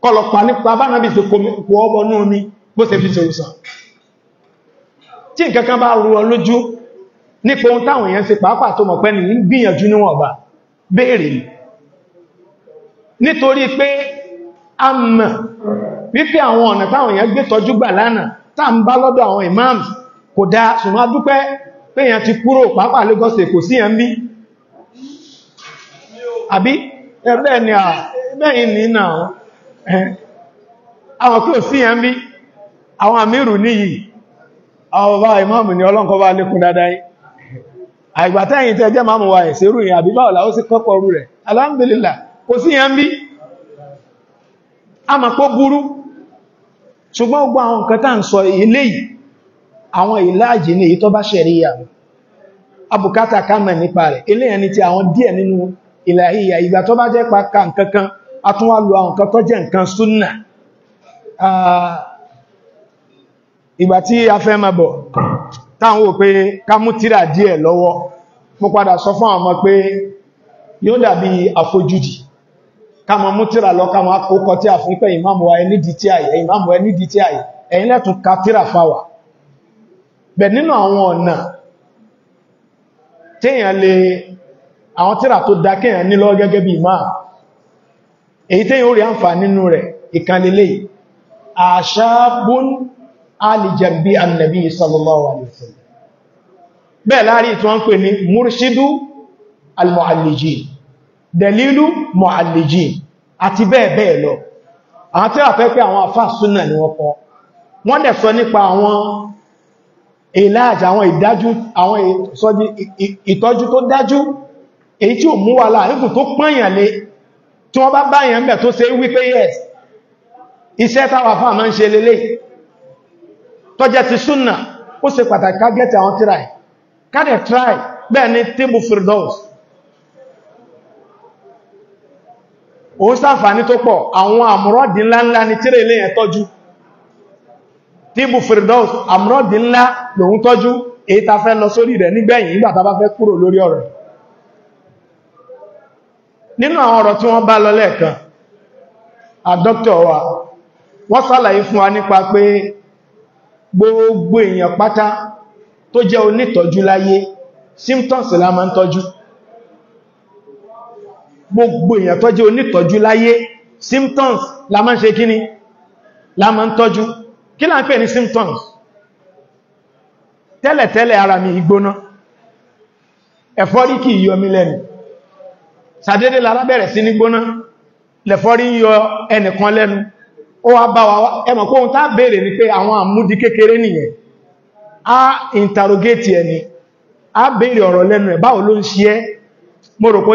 kọlọ̀pá nípa bá náà bí ṣe kò ọbọ̀ náà ní bó ṣe fi ṣe òsà tí nǹkankan bá rú ọ lójú nípa ohun táwọn èèyàn ṣe pàápàá tó mọ̀ pé ní gbìyànjú níwọ̀n ọba béèrè ni nítorí pé a mọ̀ wípé àwọn ọ̀nà táwọn èèyàn gbé tọ́jú gbà lánàá tá ń bá lọ́dọ̀ àwọn imams kò dáa ṣùgbọ́n a dúpẹ́ pé èèyàn ti kúrò pàápàá Lagos Èkó sí ẹ̀ ń bí àbí bẹ́ẹ̀ ni bẹ́yìn ní náà àwọn kí o sí yẹn bí àwọn àmìrù níyì àwọn bá ìmáàmù ní ọlọ́nkọ́ bá lékún dáadáa àìgbàtẹ́yìn tẹ́ jẹ́ máàmù wa ẹ̀sẹ̀rù àbí kọ́kọ́ rú rẹ̀ a ma kó yìí nípa rẹ̀ ilé àwọn díẹ̀ nínú ìlàhíyà ìgbà tó bá jẹ́ pàkà nkankan a tún wá lo àwọn nǹkan tó jẹ́ nǹkan súnnà ìgbà tí a fẹ́ máa bọ̀ táwọn wò pé ká mú tírà díẹ̀ lọ́wọ́ mo padà sọ fún àwọn ọmọ pé yóò dàbí àfojúdi ká mọ mú tírà lọ ká mọ akókọ tí a fún pé ìmáàmù wa ẹni di tí àyè ìmáàmù wa ẹni di tí àyè ẹ̀yin lẹ́tún ka tírà fáwà bẹ̀ nínú àwọn ọ̀nà téèyàn lè àwọn tíra tó dákẹ́yàn nílọ gẹ́gẹ́ bí máa èyí tí yóò rí àǹfà nínú rẹ̀ ìkànlélé àṣàbún alìjẹ̀bí annabi sallallahu alaihi wasallam bẹ́ẹ̀ láàrin tí wọ́n pè ní murshidu almualliji dalilu mualliji àti bẹ́ẹ̀ bẹ́ẹ̀ lọ àwọn tí a fẹ́ pé àwọn àfáà súnà ni wọ́n kọ́ àwọn ìtọ́jú tó dájú èyí tí ò mú wa láà nígbù tó pọ́nyàn lé tí wọ́n bá báyàn mẹ́ tó ṣe wípé yes iṣẹ́ táwà fún àmá ń ṣe lélẹ̀ tọ́jẹ́ ti súnà ó ṣe pàtàkì ká gẹ́tì àwọn tíráì káàdẹ̀ tíráì bẹ́ẹ̀ ni tíbù firdaus òun sáfàní tó pọ̀ àwọn àmúrọ́dì ni tíra ilé yẹn tọ́jú tíbù firdaus àmúrọ́dì ńlá lòun tọ́jú èyí ta fẹ́ lọ sórí rẹ̀ nígbẹ̀yìn nígbà nínú àwọn ọ̀rọ̀ tí wọ́n bá lọ lẹ́ẹ̀kan àdọ́kítọ̀ wa wọ́n sàlàyé fún wa nípa pé gbogbo èèyàn pátá tó jẹ́ onítọ́jú láyé symptoms la máa ń tọ́jú gbogbo èèyàn tó jẹ́ onítọ́jú láyé symptoms la máa ń ṣe kíní la máa ń tọ́jú kí la ń pè ní symptoms tẹ́lẹ̀tẹ́lẹ̀ ara mi ìgbóná ẹ̀fọ́rí kìí yọ mí lẹ́nu sàdédé lára bẹ̀rẹ̀ sí ní gbóná lẹ̀fọ́rí yọ ẹnìkan lẹ́nu ó wá bá wa ẹmọ̀ kóhun tá béèrè ní pé àwọn àmúdi kékeré nìyẹn a interrogate ẹni a béèrè ọ̀rọ̀ lẹ́nu ẹ̀ báwo ló ń ṣe ẹ́ mo rò pé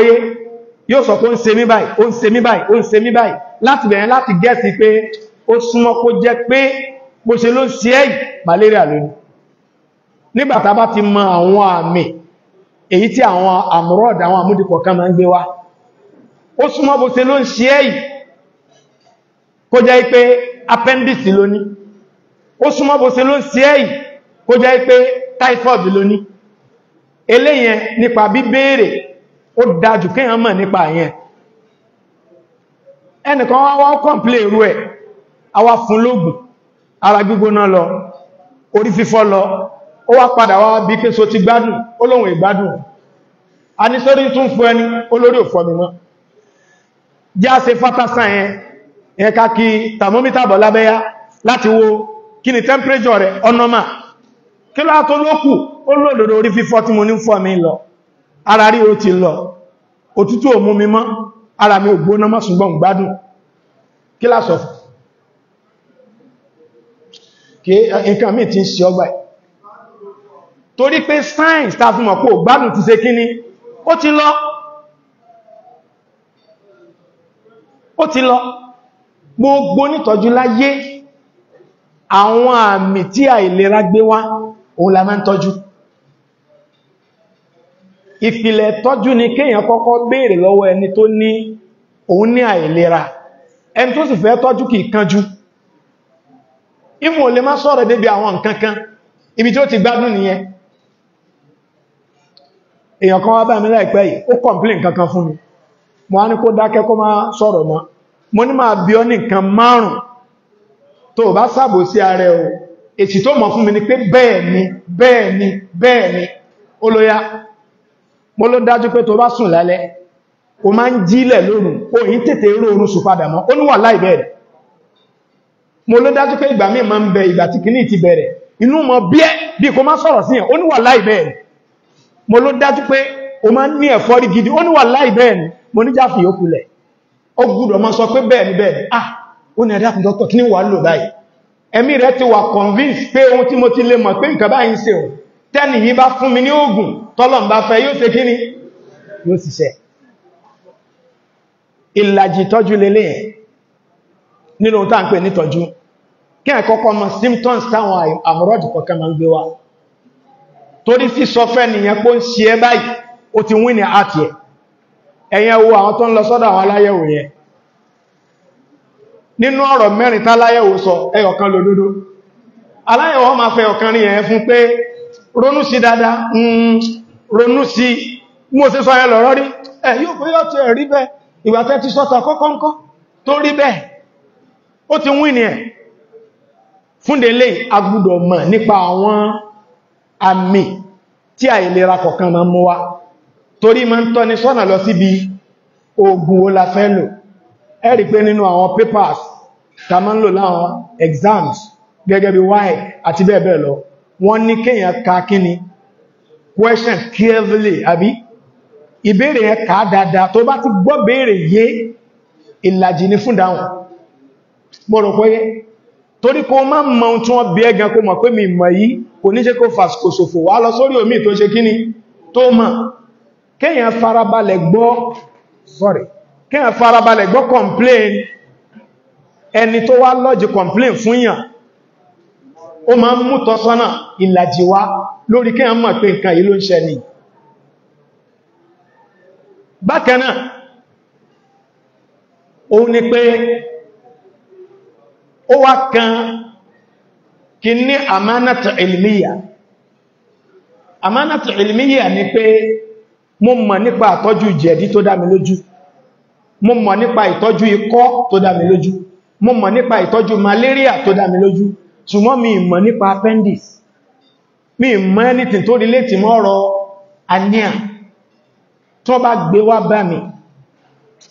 yóò sọ pé ó ń ṣe mí báyìí ó ń ṣe mí báyìí ó ń ṣe mí báyìí láti bẹ̀rẹ̀ láti gẹ́ẹ̀sì pé ó súnmọ́ kó jẹ́ pé bó ṣe ló ń ṣe ẹ́ yìí malaria lónìí nígbà tá bá ti mọ àwọn àmì èyí tí àwọn àmúrọ̀dà àwọn àmúdìpọ̀ kan máa ń gbé wá ó súnmọ́ bó ṣe ló ń ṣe èyí kó jẹ́ pé appendix lóní ó súnmọ́ bó ṣe ló ń ṣe èyí kó jẹ́ pé typhoid lóní eléyẹn nípa bíbéèrè ó dájú kéèyàn mọ̀ nípa yẹn ẹnìkan wá wọ́n kọ̀m̀plé irú ẹ̀ àwa fún lóògùn ara gbígbóná lọ orí fífọ́ lọ ó wá padà wá bí késo ti gbádùn olóhun ìgbádùn a ní sórí tún fún ẹni olórí òfò mímọ́ jẹ́ a ṣe fátásán ẹ ẹka kí thermometer bọ̀ lábẹ́yá láti wo kí ni temperature rẹ̀ ọ̀nọ́mà kí ló tó lókù ó lòdòdó orí fífọ́ tí mo ní fọ́ mi lọ ara rí o ti lọ òtútù ò mú mi mọ́ ara mi ò gbóná mọ́ ti ń ṣe ọgbà yìí torí pé science ta fi mọ̀ pé ògbádùn ti ṣe kíní ó ti lọ ó ti lọ gbogbo nítọ́jú láyé àwọn àmì tí àìlera gbé wá òun la máa ń tọ́jú ìpìlẹ̀ tọ́jú ni kéèyàn kọ́kọ́ béèrè lọ́wọ́ ẹni tó ní òun ní àìlera ẹni tó sì fẹ́ tọ́jú kìí kánjú ìmọ̀ lè má sọ̀rọ̀ débi àwọn nǹkan kan ibi tí ó ti gbádùn nìyẹn èèyàn kan wá bá mi láìpẹ́ yìí ó complain kankan fún mi mo á ní kó dákẹ́ kó máa sọ̀rọ̀ mọ́ mo ní máa bí ọ ní nǹkan márùn tó bá sàbò sí ààrẹ o èsì tó mọ̀ fún mi ni pé bẹ́ẹ̀ ni bẹ́ẹ̀ ni ó ló mo ló dájú pé tó bá sùn lálẹ́ o máa ń jílẹ̀ inú mọ̀ bí ẹ́ bí kò má sọ̀rọ̀ sí yẹn ó mo ló dájú pé o máa ní ẹ̀fọ́rí gidi ó ní wà láì bẹ́ẹ̀ ni mo ní jáfì yóò kulẹ̀ ó gbúdọ̀ máa sọ pé bẹ́ẹ̀ ni bẹ́ẹ̀ ah ó ní ẹ̀dá dọ́kọ̀ kí ní wà lò báyìí ẹ̀mí rẹ̀ ti wà convince pé ohun tí mo ti lè mọ̀ o tẹ́nì yìí bá fún mi ní oògùn tọ́lọ̀ ń bá fẹ́ yóò ṣe kíni yóò ṣiṣẹ́ ìlàjì tọ́jú lélẹ̀ nínú ohun tá torí sí sọ fẹ́ nìyẹn pó ń ṣe ẹ báyìí ó ti wí ní àti ẹ̀ ẹ̀yẹn wo àwọn tó ń lọ sọ́dọ̀ àwọn aláyẹ̀wò yẹn nínú ọ̀rọ̀ mẹ́rin táláyẹ̀wò sọ ẹyọ̀kan lòdodo aláyẹ̀wò máa fẹ́ ọ̀kan rí yẹn fún pé ronú sí dáadáa hmm, ronú sí mo ṣe sọ yẹn lọ̀rọ̀ rí ẹ̀ yóò pé yóò tẹ̀ rí bẹ́ẹ̀ ìgbà tẹ́ ti sọ́ta kọ́kọ́ńkọ́ tó rí bẹ́ẹ̀ ó ti wí ní ẹ̀ fúndélé agbúdọ̀ mọ̀ nípa àwọn àmì tí àìlera kọ̀kan máa mú wá torí máa ń tọ́ni sọ́nà lọ síbi oògùn wo o fẹ́ lò ẹ pé nínú àwọn papers ta máa ń lò láwọn exams gẹ́gẹ́ bí WAEC àti bẹ́ẹ̀ bẹ́ẹ̀ lọ wọ́n ní kéèyàn ka kíni question carefully àbí ìbéèrè yẹn kà dáadáa tó bá ti gbọ́ béèrè yé ìlàjì ní fún dáhùn mọ́rọ̀ pẹ́yẹ́ torí kó má mọ̀ tí wọ́n ẹgan kó mọ̀ pé mi mọ̀ yìí kò ní ṣe kó fàskò ṣòfò wá lọ sórí omi tó ṣe kíní tó mọ̀ kéèyàn farabalẹ̀ gbọ́ sorry kéèyàn farabalẹ̀ gbọ́ complain ẹni tó wá lọ́jì complain fún yàn ó máa ń mú tọ́sọ́nà ìlàjì wá lórí kéèyàn mọ̀ pé nǹkan yìí ló ń ṣẹ ni bákanáà òun ni pé ó wá kan kí ní amánàtà ilmiya amánàtà ilmiya ni pé mo mọ̀ nípa àtọ́jú jẹ̀dí tó dá mi lójú mo mọ̀ nípa ìtọ́jú ikọ́ tó dá lójú mo mọ̀ nípa ìtọ́jú malaria tó dá mi lójú ṣùgbọ́n mi mọ̀ nípa appendix mi mọ̀ anything tó relate mọ́ ọ̀rọ̀ ania tó bá gbé wá bá mi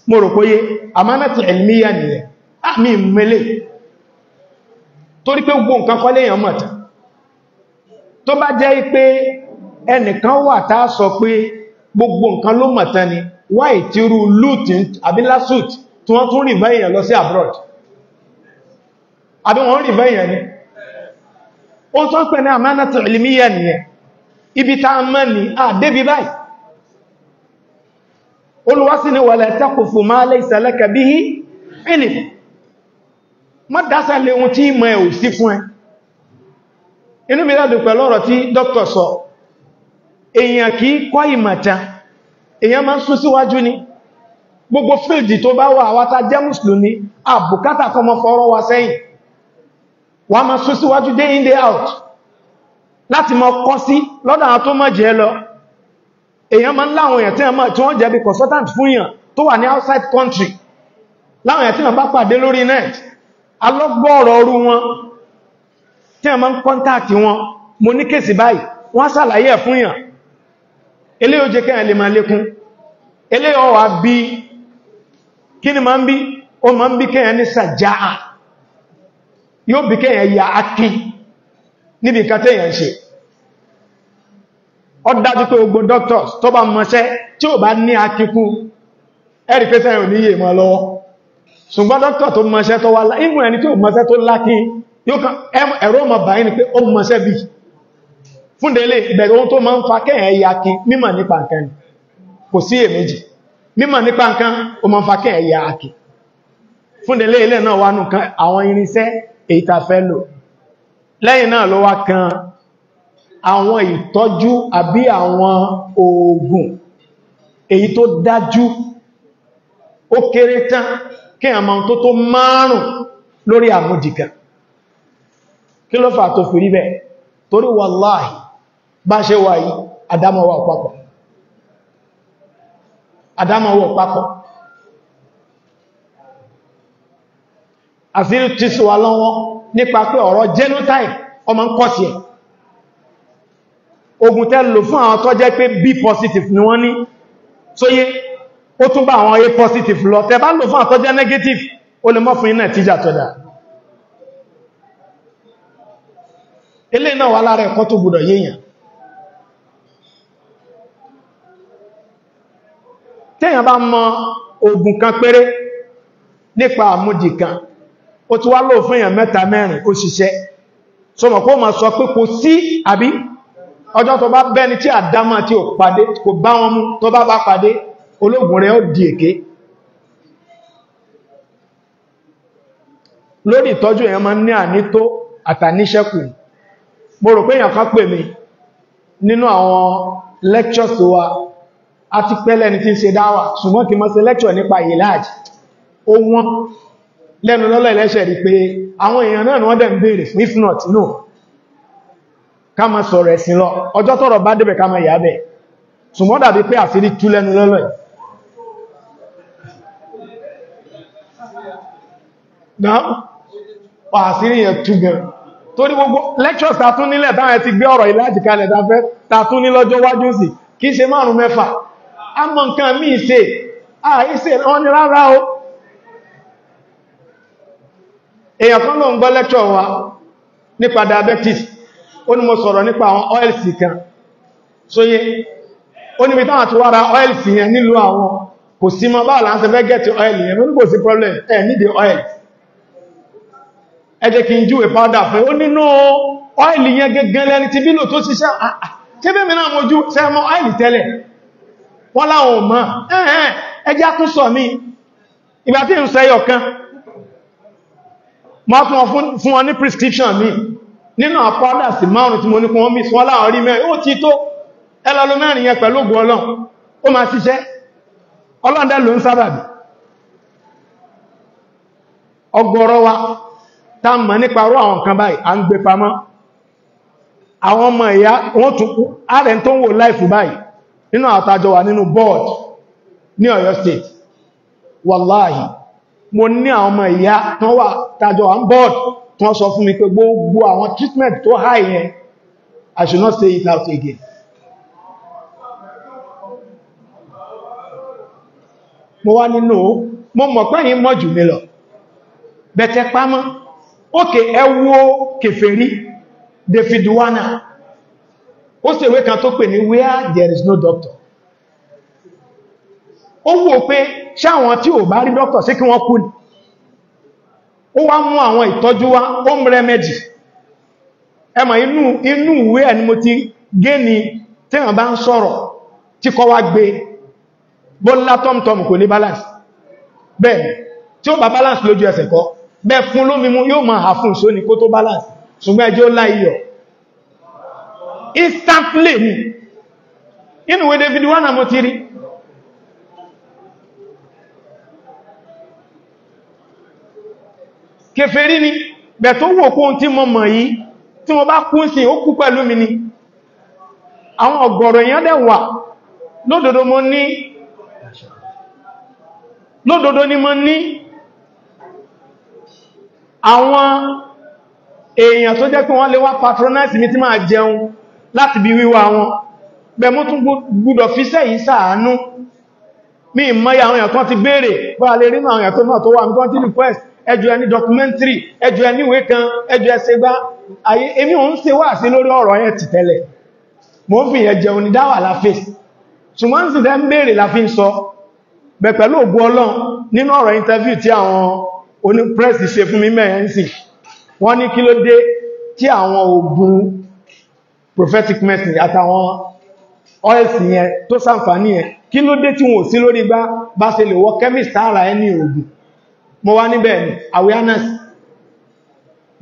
mo rò kóyé amánàtà ilmiya nìyẹn ah, mi mẹ́lẹ̀ torí pé gbogbo nǹkan kọ́ léèyàn mọ̀tá tó bá jẹ́ pé ẹnìkan wà tá sọ pé gbogbo nǹkan ló ni wáì tí rú lútin suit tí wọ́n tún rìn lọ sí abroad àbí wọ́n ni ó pẹ̀ ní àmánàtì ibi ta mọ́ ni báyìí olùwásí ni wala bihi m'a dásà lé ohun tí ìmọ̀ ẹ̀ ò sí fún ẹ inú mi dádùn pẹ̀lú ọ̀rọ̀ tí dókítà sọ èèyàn kì í kọ́ ìmọ̀ta èèyàn máa ń sún síwájú ni gbogbo fíìdì tó bá wà àwátá jẹ́ mùsùlùmí àbùkátà kọmọ foro wa sẹ́yìn wà máa sún síwájú day in day out láti mọ kọ́ sí lọ́dà tó mọ̀ jẹ́ lọ èèyàn máa ń láwọn èèyàn tí wọ́n jẹ́ bí consultant fún èèyàn tó wà ní outside country láwọn èèyàn tí wọ́n bá pàdé lórí net alọ́gbọ́ọ̀rọ̀ ọrú wọn tí a máa ń kọ́ntáàkì wọn mo ní kéèsì báyìí wọ́n sàlàyé ẹ̀ fún yàn ilé ó jẹ́ kẹ́yàn lè máa lékún ilé ọwà bí kí ni máa ń bí o máa ń bí kẹ́yàn ní sàjáà yóò bí kẹ́yàn ya akí níbi kàtẹ́yàn ṣe ọ dájú tó gbogbo doctors tó bá mọ́ṣẹ́ tí ò bá ní akíkú ẹ̀rì pẹ́sẹ̀ ò níyè mọ́ lọ́wọ́ ṣùgbọ́n dókítà tó mọṣẹ́ tó wá inú ẹni tó mọṣẹ́ tó lákín yóò kan ẹ̀rọ ọmọ bàá ní pé ó mọṣẹ́ bí fúndẹ̀lé ìbẹ̀rẹ̀ ohun tó máa ń fa kẹ́yàn ẹ̀yà kí mímọ̀ nípa nǹkan ni kò sí èméjì mímọ̀ nípa nǹkan ó máa ń fa kẹ́yàn ẹ̀yà kí fúndẹ̀lé ilẹ̀ náà wá nùkan àwọn ó kéré tán kí àmà tó tó márùn lórí àmójìkà kí ló fà tó fi rí bẹ́ẹ̀ torí wàláhì bá ṣe wà yí àdámọ̀wà papọ̀ àdámọ̀wà papọ̀ àsírí ti sọ wà lọ́wọ́ nípa pé ọ̀rọ̀ genotype ọmọ ń kọ́ sí ẹ̀ ogun tẹ́ fún àwọn tó pé b positive ni wọ́n ní tó yé ó tún bá àwọn a positive lọ tẹ bá lò fún àtọ́jẹ́ negative ó lè mọ́ fún iná ìtíjà tọ́dá ilé náà wà lára ẹ̀kọ́ tó gbọ́dọ̀ yíyàn tẹ́yàn bá mọ ogun kan péré nípa àmúdì kan ó ti wá lò fún èèyàn mẹ́ta mẹ́rin ó ṣiṣẹ́ so mọ̀ kó ma sọ pé kò sí àbí ọjọ́ tó bá bẹ́ni tí àdámà tí ò pàdé kò bá wọn mú tó bá bá pàdé ológun rẹ̀ ó di èké lórí ìtọ́jú èyàn máa ń ní ànító àtàníṣẹ́kù mo rò pé èyàn ká pè mí nínú àwọn lectures wa a ti pẹ́lẹ̀ ní tí ń ṣe dáwà ṣùgbọ́n kí mọ́ ṣe lecture nípa ìlàjì ó wọ́n lẹ́nu lọ́lọ́ ilẹ́ṣẹ̀ rí pé àwọn èèyàn náà ni wọ́n dẹ̀ ń béèrè fún if not no ká ma sọ̀rọ̀ ẹ̀sìn lọ ọjọ́ tọ́rọ̀ bá débẹ̀ ká ma yàbẹ̀ ṣùgbọ́n dàbí pé àṣírí tú lẹ́nu lọ́lọ́ yìí náà pàásírí yẹn túgẹ̀ torí gbogbo lectures tàtún nílẹ̀ táwọn ti gbé ọ̀rọ̀ ìlàjì kalẹ̀ tàfẹ́ tàtún ní lọ́jọ́ wájú sí kìí ṣe márùn mẹ́fà a mọ nǹkan míì ṣe àìṣe wọ́n o èèyàn kan lọ ń lecture wa nípa diabetes ó ní mo sọ̀rọ̀ nípa àwọn oils kan sóyé ó níbi táwọn ti wá oils yẹn nílùú àwọn kò sí mọ́ báà fẹ́ oil yẹn mo ní kò ẹjẹ́ kí n júwe pàdà fún ó nínú ọ́ìlì yẹn gẹ́gẹ́ lẹ́ni ti bílò tó ṣiṣẹ́ tẹ́bẹ̀ mìíràn mojú sẹ́mọ́ ọ́ìlì tẹ́lẹ̀ wọ́n láwọn ọmọ ẹ̀ẹ́ ẹjá tún sọ mí ìgbà tí ń sẹ́yọ kan ma fún wọn ní prescription mi ti ma tá mọ̀ nípa rú àwọn kan báyìí a ń gbé pamọ́ àwọn ọmọ ìyá wọ́n tún ààrẹ tó ń wò láìfù báyìí nínú àtàjọ wà nínú board ní Ọ̀yọ́ state wallahi mo ní àwọn ọmọ ìyá tán wà tàjọ board tán sọ fún mi pé gbogbo àwọn treatment tó há ìyẹn I should not say it out again mo wá nínú mo mọ̀ pẹ́yìn mọ̀ jù mí lọ bẹ̀tẹ̀ pamọ́ ókè ẹwọ́ kèfèrí defiduana. Wana ó sì ìwé kan tó pè ní where there is no doctor ó wò pé ṣáwọn tí ò bá rí doctor sí kí wọ́n kú ní ó wá mú àwọn ìtọ́jú wá home remedy ẹmọ̀ inú inú ìwé ẹni mo ti gé ni tí wọ́n bá ń sọ̀rọ̀ tí kọ́ wá gbé bó tọ́mtọ́m kò ní balance bẹ́ẹ̀ tí ó bá balance lójú ẹsẹ̀ kọ́ bẹ fún lómi mú yóò máa àfún só ní kó tó balance ṣùgbọ́n ẹjọ́ láìyọ̀ instantly ni inú wé David wọ́n àmọ́ ti rí kèfèrí ni bẹ̀ tó wò kó tí mọ mọ̀ yìí tí wọ́n bá kún sí ó kú pẹ̀lú mi ni àwọn ọ̀gọ̀rọ̀ èèyàn dẹ̀ wà lódodo mo ní lódodo ni mo ní àwọn èèyàn tó jẹ́ pé wọ́n lè wá patronize mi tí máa jẹun láti bí wíwá wọn bẹ̀mú tún gbúdọ̀ fi sẹ́yìn sàánú mi mọ́ya àwọn èèyàn kan ti béèrè bá lè rí àwọn èèyàn tó náà tó wà documentary ẹjọ́ ẹni ìwé kan ẹjọ́ ẹsẹ bá ayé èmi ò ń ṣe wá sí lórí ọ̀rọ̀ yẹn ti tẹ́lẹ̀ mo ń fi yẹn jẹun ní dáwà pẹ̀lú ògbó ọlọ́run nínú ọ̀rọ̀ interview tí àwọn oní prẹ́sì ṣe fún mi mẹ́rẹ́nsì wọ́n ní kí ló dé tí àwọn oògùn prophetic message àtàwọn ọ́ẹ̀sì yẹn tó sàǹfàní yẹn kí ló dé tí wọ́n sí lórí bá bá ṣe lè wọ chemist ara ẹ ní oògùn mo wá níbẹ̀ awareness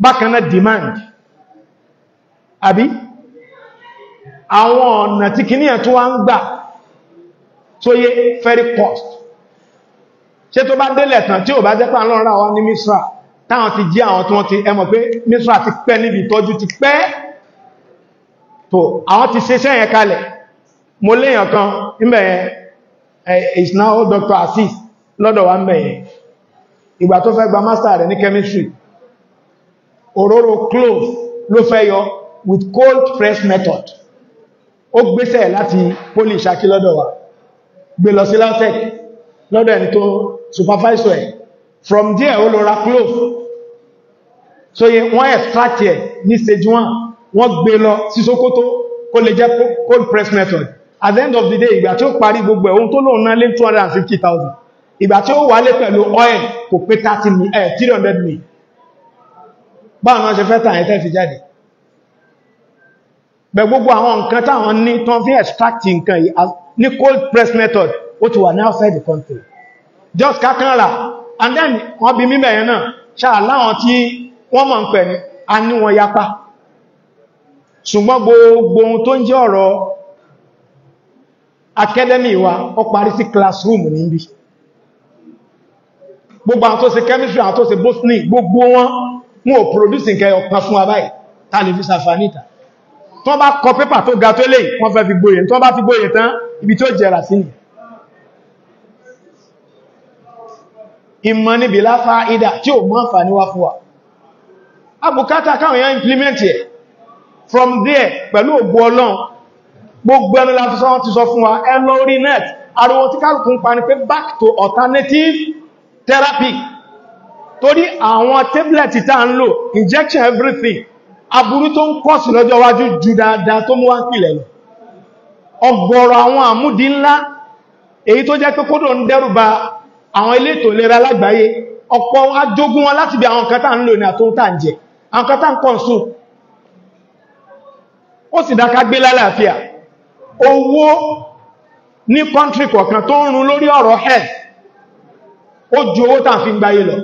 bákaná demand àbí àwọn ọ̀nà tí kìníyàn tó wá ń gbà tó yé very cost ṣé tó bá délẹ̀ tán tí ò bá jẹ́ pé àwọn ọ̀rá wa ní Misra táwọn ti jí àwọn tí wọ́n ti ẹmọ̀ pé Misra ti pẹ́ níbi ìtọ́jú ti pẹ́ tó àwọn ti ṣe iṣẹ́ yẹn kalẹ̀ mo léèyàn kan níbẹ̀yẹn is now Dr. Assis lọ́dọ̀ wa níbẹ̀yẹn ìgbà tó fẹ́ gba master rẹ̀ ní chemistry òróró clove ló fẹ́ yọ with cold press method ó gbéṣẹ̀ láti poli ìṣàkí lọ́dọ̀ wa gbé lọ sí LAUTECH lọ́dọ̀ ẹni tó supervisor ẹ̀ from there ó lọ ra clove so yẹ wọ́n extract ẹ̀ ní stage 1 wọ́n gbé lọ sí Sókótó kó lè jẹ́ cold press method at the end of the day ìgbà tí ó parí gbogbo ohun tó lóun náà lé 250,000 ìgbà tí ó wálé pẹ̀lú oil kò pé 300 million. báwọn náà ṣe fẹ́ tàn ẹ̀ tẹ́ fi jáde bẹ gbogbo àwọn nǹkan táwọn ní tán fi extract nǹkan ní cold press method ó ti wà ní outside the country just kankan rà and then wọ́n bí mímẹ̀ yẹn náà ṣáà láwọn tí wọ́n mọ̀ ń pẹ̀ ní a ní wọn yapa ṣùgbọ́n gbogbo ohun tó ń jẹ́ ọ̀rọ̀ academy wa ó parí sí classroom níbi gbogbo àwọn tó ṣe chemistry àwọn tó ṣe botany gbogbo wọn wọn ò produce nǹkan ọ̀pẹ́ fún wa báyìí tàbí fi sàfàníta tó bá kọ pépà tó ga tó lè wọ́n fẹ́ fi gboyè tó bá fi gboyè tán ibi tó jẹ́ra sí nìyàn ìmọ̀ níbi láfá ìdá tí ò mọ́ àǹfààní wá fún wa abùkátà káwọn èèyàn implement ẹ̀ from there pẹ̀lú ògbó ọlọ́run gbogbo ẹnu láti sọ ti sọ fún wa ẹ net ariwo tí kálùkùn pa ní pé back to alternative therapy torí àwọn tablet tá ń lò injection everything aburú tó ń kọ́sù lọ́jọ́ wájú ju dáadáa tó mú wá pìlẹ̀ lọ ọ̀gọ̀rọ̀ àwọn àmúdí ńlá èyí tó jẹ́ pé ń dẹ́rù àwọn elétò ìlera lágbàáyé ọ̀pọ̀ ajógún wọn láti bí àwọn kan tá ń lò ní àtúntà ń jẹ àwọn kan tá ń kọ̀nsùn ó sì dáká gbé lálàáfíà owó ní kọ́ntrí kọ̀ọ̀kan tó ń run lórí ọ̀rọ̀ health ó ju owó tàà fi ń gbáyé lọ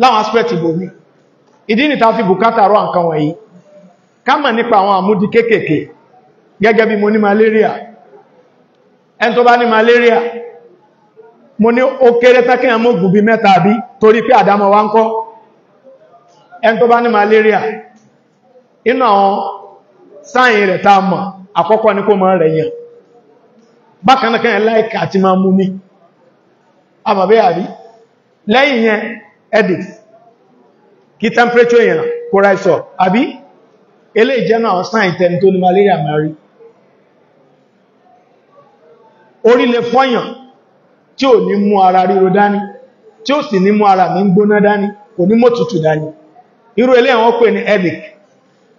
láwọn aspect ìbòmí ìdí ni ta fi bùkátà rọ nǹkan wọ̀nyí ká mọ̀ nípa àwọn àmúdi kéékèèké gẹ́gẹ́ bí mo ní malaria ẹni tó bá ní malaria mo ní ó kéré tẹ́kẹ́ ẹmú gùnbí mẹ́ta bí torí pé àdámọ̀ wá ń kọ́ ẹn tó bá ní malaria inú àwọn sáyìn rẹ̀ tá mọ̀ àkọ́kọ́ ní kó mọ́ rẹ̀ yàn bákanákan láìkà àti máa mú mi àmàbẹ́ àrí lẹ́yìn yẹn edit kí temperature yẹn kó ráìsọ̀ àbí eléyìí jẹ́ náà sáyìn tẹni tó ní malaria mẹ́rin orí fọ́yàn tí ò ní mú ara ríro dání tí ó sì ní mú ara mi gbóná dání kò ní mọ́ tutù dání irú ilé wọn pè ní headache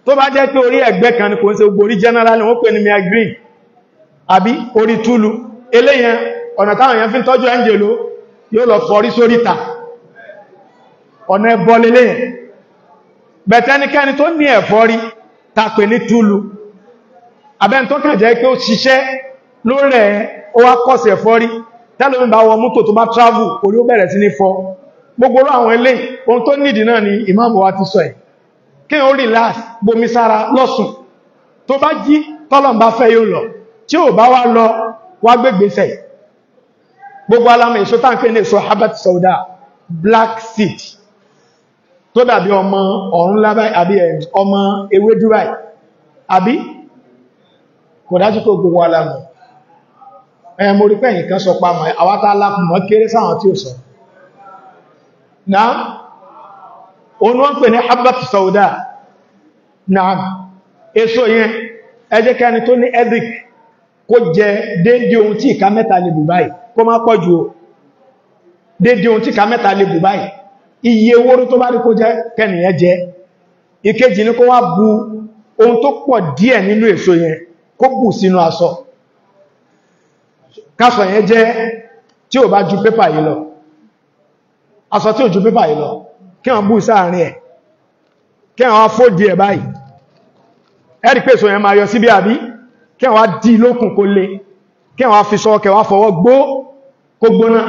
tó bá jẹ́ pé orí ẹ̀gbẹ́ kan ni kò ń ṣe gbogbo general wọ́n pè ní migraine àbí orí túlu ọ̀nà táwọn èèyàn fi ń tọ́jú ẹ́ńjẹ yóò lọ tẹ́lómi bá wọ mọ́tò tó bá travel orí ó bẹ̀rẹ̀ sí ní fọ́ gbogbo àwọn ilé ohun tó nìdí náà ni ìmáàmù wa ti sọ ẹ̀ kí o relax bomi sára lọ́sùn tó bá jí tọ́lọ̀ bá fẹ́ yóò lọ tí ò bá wá lọ wá gbégbèsẹ̀ gbogbo alamọ̀ èso táǹkẹ́ ní èso habat sauda black seed tó dàbí ọmọ ọ̀run lábáì àbí ọmọ ewé dúráì àbí kò dájú kó gbogbo alamọ̀ ẹ̀ mo rí pé ẹ̀yin kan sọ pa mọ̀ àwátá alákùnmọ́ kéré sáwọn tí ó sọ náà òun wọ́n pè ní habbat sauda èso yẹn ẹ jẹ́ tó ní ethic kó jẹ ohun tí ìka mẹ́ta lè bù báyìí kó má pọ̀ jù ohun tí ìka mẹ́ta lè bù báyìí iye tó bá rí kó jẹ bu ohun tó pọ̀ díẹ̀ nínú èso kásọ̀ yẹn jẹ́ tí ò bá ju pépà yìí lọ aṣọ tí ò ju pépà yìí lọ kí wọ́n bú sáàrin ẹ̀ kí wọ́n fóòdì ẹ̀ báyìí ẹ̀rí pèsò yẹn máa yọ síbí àbí kí wọ́n dí lókùn kó le kí wọ́n fi sọ kẹwàá fọwọ́ gbó kó gbóná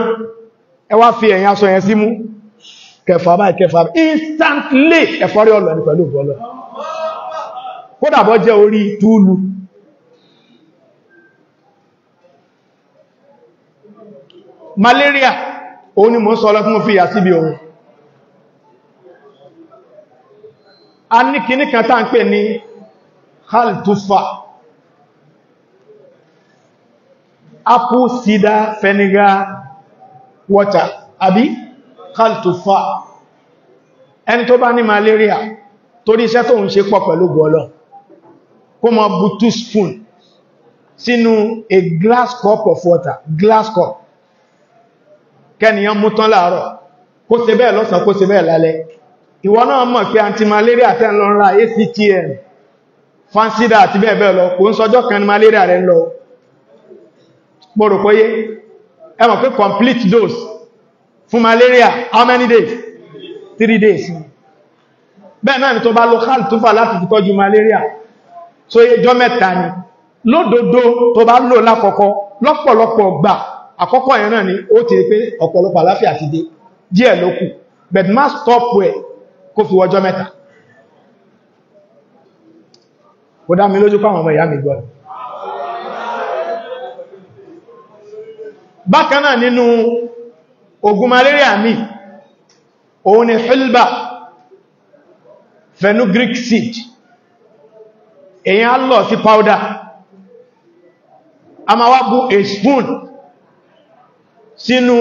ẹ wá fi ẹ̀yìn aṣọ yẹn símú kẹfà báyìí kẹfà instantly ẹ̀fọ́rí ọlọ́ni pẹ̀lú bọ́lọ́ kódàbọ́ jẹ́ orí túlù malaria òun ni mo sọ fún mo fi yà síbi ohun a ní kìíní kan tá ń pè ní haltufa apple cider vinegar water àbí haltufa ẹni tó bá ní malaria torí iṣẹ́ tó ń ṣe pọ̀ pẹ̀lú gbọ́lọ̀ kó mọ bu two spoon sínú a glass cup of water glass cup kẹ́niyàn mú tán láàárọ̀ kó ṣe bẹ́ẹ̀ lọ́sàn kó ṣe bẹ́ẹ̀ lálẹ́ ìwọ náà mọ̀ pé antimalaria tẹ́ ń lọ ra actm fansida àti bẹ́ẹ̀ bẹ́ẹ̀ lọ kò ń sọjọ́ kan ní malaria rẹ̀ ń lọ pòròpóyé ẹ mọ̀ pé complete dose fún malaria how many days three days bẹ́ẹ̀ náà ni tó bá local tó fà láti fi tọ́jú malaria tó yẹjọ́ mẹ́ta ni lódodo tó bá lò lákọ̀ọ́kọ́ lọ́pọ̀lọpọ̀ gbà àkọ́kọ́ yẹn náà ni ó ti rí pé ọ̀pọ̀lọpọ̀ àláfíà ti dé díẹ̀ ló kù but má stop ẹ̀ kó fi wọjọ́ mẹ́ta kò dá mi lójú pàwọn ọmọ ìyá mi gbọ́ bákan náà nínú ogun malaria mi òun ni hilba fenugreek seed èyàn lọ sí powder a ma wá bù a spoon sínú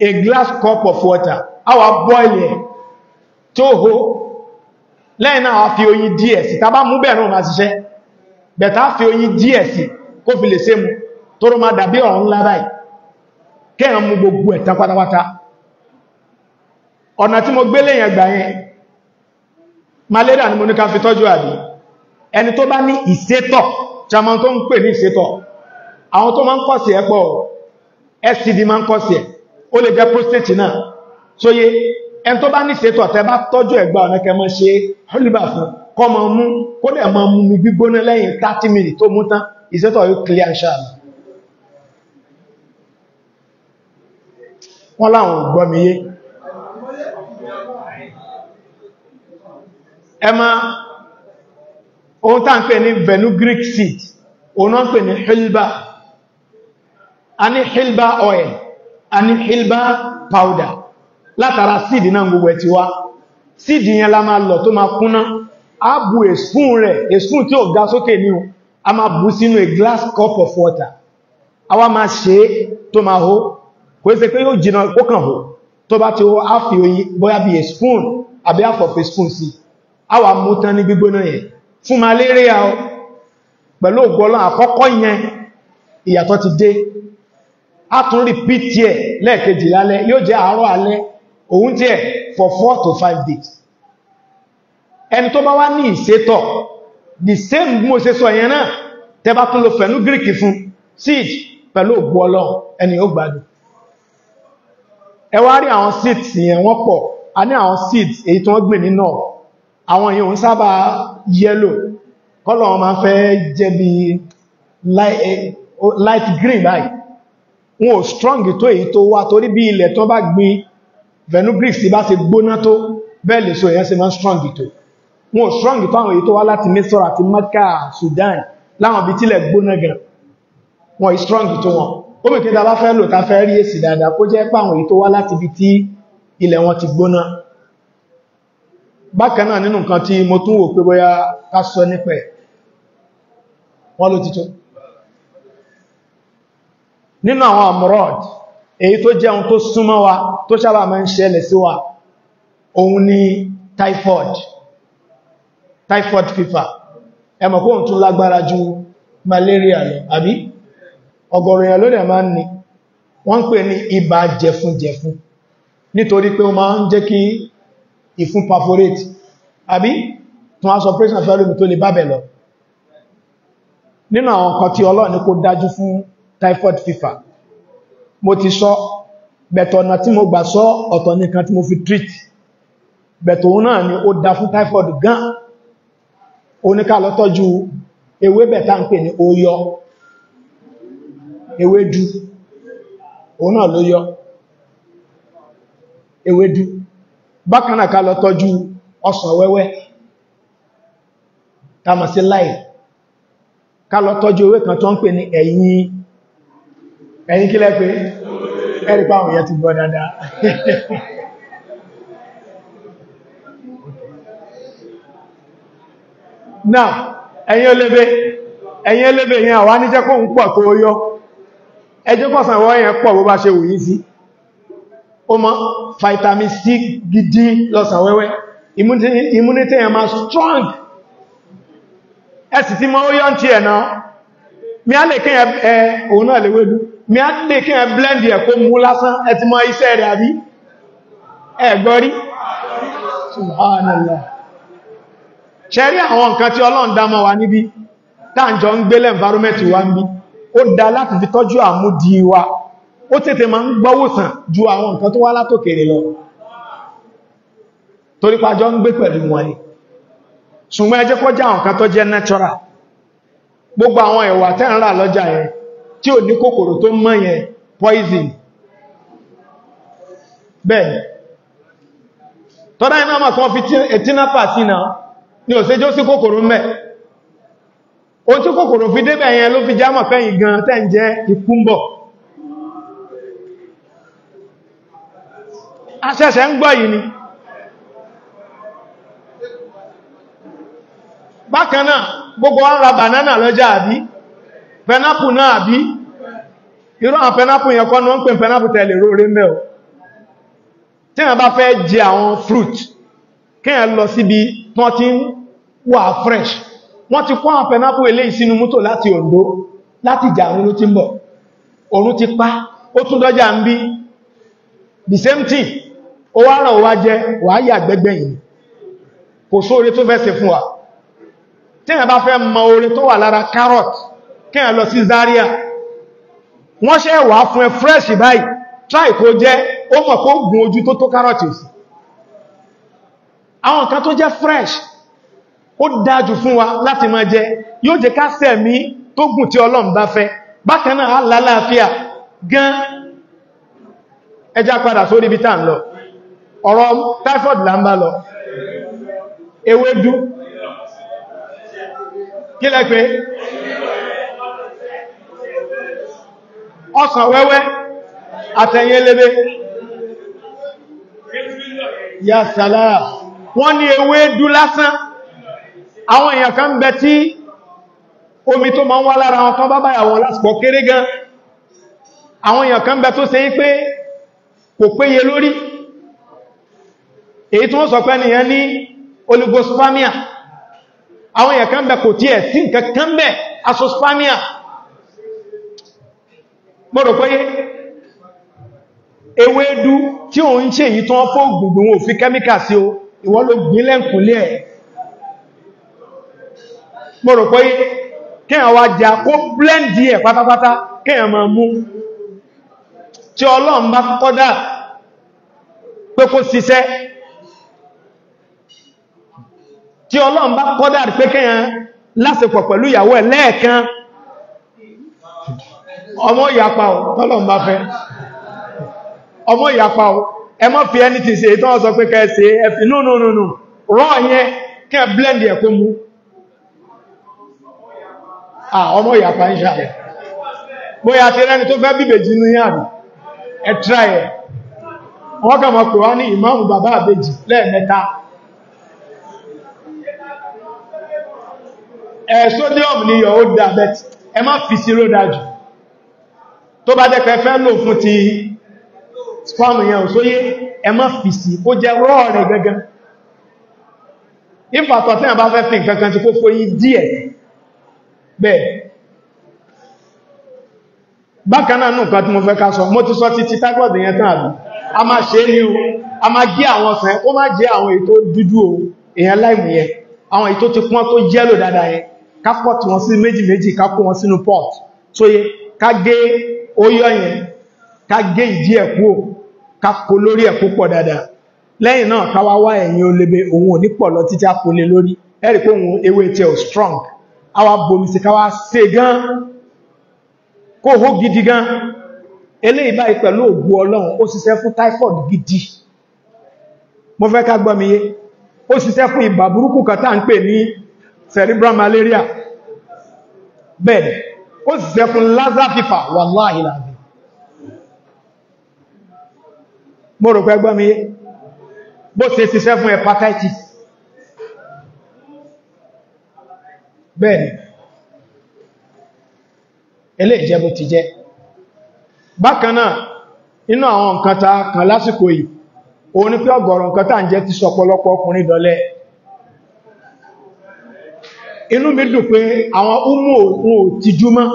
a glass cup of water a wá boil ẹ̀ tó hó lẹ́yìn náà a fi oyin díẹ̀ sí tàbá mú bẹ̀rún ma ṣiṣẹ́ bẹ̀ta fi oyin díẹ̀ sí kó fi lè ṣe mú tó rọ ma dàbí ọ̀rọ̀ ńlá kẹ́yàn mú gbogbo ẹ̀ta pátápátá ọ̀nà tí mo gbé lẹ́yìn ẹgbà yẹn malaria ni mo ní ká fi tọ́jú àbí ẹni tó bá ní ìsétọ̀ tí a máa tó ń pè ní ìsétọ̀ àwọn tó máa ń kọ̀sì ẹ̀pọ̀ STD máa ń kọ́ sí ẹ̀ ó lè jẹ́ prostate náà sóyé ẹn tó bá ní ṣètò ọ̀tẹ́ bá tọ́jú ẹ̀gbà ọ̀nà kẹ́ mọ́ ṣe hólíbà fún kọ́ mọ́ mú kó dẹ̀ mọ́ mú mi gbígbóná lẹ́yìn 30 minutes tó mú tán ìṣètò yóò clear inshallah wọ́n láwọn gbọ́miyé ẹmà ohun tá ń pè ní venugric seed òun náà ń pè ní hólíbà a ní hilba oil a ní hilba powder látara síìdì náà gbogbo ẹ̀ ti wá síìdì yẹn la máa lọ tó máa kúnná a bu èsùn rẹ̀ èsùn tí ó ga sókè ní o a máa bu sínú a glass cup of water a wá máa ṣe é tó máa hó kò ṣe pé yóò jìnà ó kàn hó tó bá ti hó a fi oyin bóyá bí a àbí half spoon sí a wà mú tán ní gbígbóná yẹn fún malaria pẹ̀lú ògbọ́lọ́ àkọ́kọ́ yẹn ìyàtọ̀ ti dé a tún repeat ẹ̀ lẹ́ẹ̀kejì lálẹ́ yóò jẹ́ àárọ̀ alẹ́ òun tí ẹ̀ for four to five days ẹni tó bá wá ní ìsétọ̀ the same mo ṣe sọ yẹn náà tẹba tún lo fẹ̀lú greek fún seed pẹ̀lú ògbò ọlọ́run ẹni ó gbádùn ẹ wá rí àwọn seeds yẹn wọ́n pọ̀ a ní àwọn seeds èyí tí wọ́n gbìn nínú àwọn yìí òun sábà yellow kọ́lọ̀ wọn máa fẹ́ jẹ́ bí eh, light green báyìí wọn ò strong tó èyí tó wá torí bí ilẹ̀ tó bá gbin venugric sí bá ṣe gbóná tó bẹ́ẹ̀ lè so èyàn ṣe máa strong tó wọn ò strong tó àwọn èyí tó wá láti Misra àti Maka Sudan láwọn ibi tílẹ̀ gbóná gan wọn ì strong tó wọn ó mìkí ta bá fẹ́ lò ta fẹ́ rí èsì dáadáa kó jẹ́ pàwọn èyí tó wá láti ibi tí ilẹ̀ wọn ti gbóná bákan náà nínú nǹkan tí mo tún wò pé bóyá ká sọ nípa ẹ̀ wọ́n ló ti tó nínú àwọn amurad èyí tó jẹ́ ohun tó súnmọ́ wa tó sábà máa ń ṣẹlẹ̀ sí wa òun ni typhoid typhoid fifa. ẹmọ̀ kóhùn tún lágbára ju malaria lọ àbí ọ̀gọ̀rọ̀ èèyàn lónìí máa ń ní wọ́n ń pè ní ibà jẹfunjẹfun nítorí pé ó máa ń jẹ́ kí ìfun perforate àbí tún aṣọ operation fẹ́lómi tó lè bábẹ̀ lọ nínú àwọn kan tí Ọlọ́run ní kó dájú fún typhoid fever mo ti sọ bẹ̀tọ̀ ọ̀nà tí mo gbà sọ ọ̀tọ̀ nìkan tí mo fi treat bẹ̀tọ̀ òun náà ni ó dá fún typhoid gan oníkàlọ́ tọ́jú ewé bẹ̀ta ń pè ní oyọ ewédú òun náà ló yọ ewédú bákan náà ká lọ tọ́jú ọsàn wẹ́wẹ́ tàmà sí láì ká lọ tọ́jú ewé kan tó ń pè ní ẹ̀yìn ẹ̀yìn kí lẹ́ pé ẹ̀rí páwọn yẹ ti gbọ́ dáadáa náà ẹ̀yìn olébé ẹ̀yìn olébé yẹn àwá ní jẹ́ kóhun pọ̀ tó yọ ẹjọ́ pọ̀sàn ìwọ́ yẹn pọ̀ bó bá ṣe wù yí sí ó mọ́ vitamin C gidi lọ́sàn wẹ́wẹ́ immunity máa strong ẹ̀sì tí mọ́ ó yọ́ ń ti ẹ̀nà mi ẹ̀ mi á lè kí ẹ blend ẹ̀ kó mú lásán ẹ ti mọ iṣẹ́ rẹ̀ àbí ẹ gbọ́ rí subhanallah ṣẹ́rí àwọn nǹkan tí Ọlọ́run dámọ́ wa níbi táàjọ ń gbélẹ̀ environment wa ń bí ó dá láti fi tọ́jú àmúdí wa ó tètè máa ń gbọ́wòsàn ju àwọn nǹkan tó wá látòkèrè lọ torí pàjọ ń gbé pẹ̀lú wọn ni ṣùgbọ́n ẹ jẹ́ jẹ́ àwọn nǹkan tó jẹ́ natural gbogbo àwọn ẹ̀wà tẹ́ ń rà lọ́jà yẹn tí ò ní kòkòrò tó mọ́ yẹn poison bẹ́ẹ̀ tọ́dá iná máa sọ fi ẹ̀tíná pàtí náà ni ò séjó sí kòkòrò mẹ́ o tí kòkòrò fi débẹ̀ yẹn ló fi jámọ̀ fẹ́yìn gan tẹ́ ń jẹ́ ikúmbọ̀ aṣẹ́ṣẹ́ ń gbọ́ yìí ni bákan gbogbo wa ra banana lọ́jà àbí pẹ́nápù náà bí irú àwọn pẹ́nápù yẹn kọ́ ní wọ́n pè pẹ́nápù tẹ̀lé róre mẹ́ọ̀ tí wọ́n bá fẹ́ jẹ àwọn fruit kíyàn lọ síbi wọ́n ti wà fresh wọ́n ti kó àwọn pẹ́nápù eléyìí sínú mútò láti Ondo láti jàrún ló ti ń bọ̀ òun ti pa ó tún dọ́jà ń bí the same thing ó wá ràn wá jẹ wà á yà gbẹ́gbẹ́ yìí kò sóore tó fẹ́ ṣe fún wa tí wọ́n bá fẹ́ mọ oore tó wà lára carrot kẹ́yàn lọ sí Zaria wọ́n ṣe ẹ̀wà fún ẹ fresh báyìí try kó jẹ́ ó mọ̀ kó gùn ojú tó tó carrots àwọn nǹkan tó jẹ́ fresh ó dájú fún wa láti máa jẹ yóò jẹ ká sẹ̀mí tó gùn tí Ọlọ́run bá fẹ́ bákan náà alálàáfíà gan ẹjá padà sórí ibi tá ń lọ ọ̀rọ̀ typhoid là ń bá lọ ewédú kí lẹ́ ọsàn wẹ́wẹ́ àtẹ̀yẹlebe ya salam wọ́n ní ewé dú lásán àwọn èèyàn kan bẹ tí omi tó ma ń wá lára wọn tán bá báyàwó lásìkò kéré gan àwọn èèyàn kan bẹ tó ṣe yí pé kò péye lórí èyí tí wọ́n sọ pé nìyàn ní oligospamia àwọn èèyàn kan bẹ kò tí ẹ̀ sí nǹkan kan bẹ asospamia mọ́rọ̀ pẹ́yẹ́ ewédú tí òun ń ṣe èyí tó wọ́n fó gbogbo wọn ò fi kẹ́míkà sí o ìwọ́n ló gbìn lẹ́ǹkúnlé ẹ̀ mọ́rọ̀ pẹ́yẹ́ kíyàn wá jà kó blẹ́ndì ẹ̀ pátápátá kíyàn máa mú tí ọlọ́run bá kọ́dá pé kó ṣiṣẹ́ tí ọlọ́run bá kọ́dá pé kíyàn lásìpọ̀ pẹ̀lú ìyàwó ẹ̀ lẹ́ẹ̀kan ọmọ ìyapa ọ tọ́lọ̀ ń bá fẹ́ ọmọ ìyapa ọ ẹ má fi ẹni tí ṣe ìtọ́ sọ pé kẹ́ ẹfì no no no no rọ́ yẹn kẹ́ blend ẹ̀ kó mú ọmọ ìyapa ń ṣàlẹ̀ bóyá ti rẹ́ni tó fẹ́ bíbèjì ní àrí ẹ try ẹ̀ wọ́n kà mọ̀ pé wá ní ìmáàmù bàbá àbèjì lẹ́ẹ̀mẹ́ta ẹ̀ sódíọ̀mù ni yọ̀ ó dà bẹ́ẹ̀ ẹ má fi sí ródájú tó bá jẹ́ pẹ̀fẹ́ lò fún ti spam yẹn sóyé ẹ má fi sí kó jẹ́ rọ́ rẹ̀ gẹ́gẹ́ ìfàtọ̀ tí a bá fẹ́ fi nǹkankan ti kó fó yí díẹ̀ bẹ́ẹ̀ bákanáà nù kan tí mo fẹ́ ká sọ mo ti sọ ti ti tágbọ̀dì yẹn tán àbí a máa ṣe ní o a máa gé àwọn ọ̀sán ó máa jẹ́ àwọn ètò dúdú o èyàn láìmù yẹn àwọn ètò ti pọ́n tó yẹ́lò dáadáa yẹn ká pọ̀ tí wọ́n sí méjì méjì ká kó wọn sínú port tó yẹ ká gé ó yọ yẹn ká gé ìdí ẹ̀ kúò ká kó lórí ẹ̀ púpọ̀ dáadáa lẹ́yìn náà ká wá ẹ̀yìn olebe òun ò ní pọ̀ lọ títí àpolè lórí ẹ̀rì pé òun ewé tí ẹ̀ strong a wá bomi sí ká wá ṣe gan kó hó gidi gan eléyìí báyìí pẹ̀lú ògbó ọlọ́run ó ṣiṣẹ́ fún typhoid gidi mo fẹ́ ká gbọ́ mi yé ó ṣiṣẹ́ fún ibà burúkú kan tá à ń pè ní cerebral malaria bẹ́ẹ̀ ó zẹkùn lázá fífà wàláhì láàbí mo rò pé gbọ́ mi bó ṣe hepatitis bẹ́ẹ̀ni ilé ti jẹ́ bákan náà inú àwọn nǹkan ta kan lásìkò yìí o ni pé ọ̀gọ̀rọ̀ nǹkan tà ti sọpọlọpọ ọkùnrin inú mi dùn pé àwọn umu òun ò ti júmọ́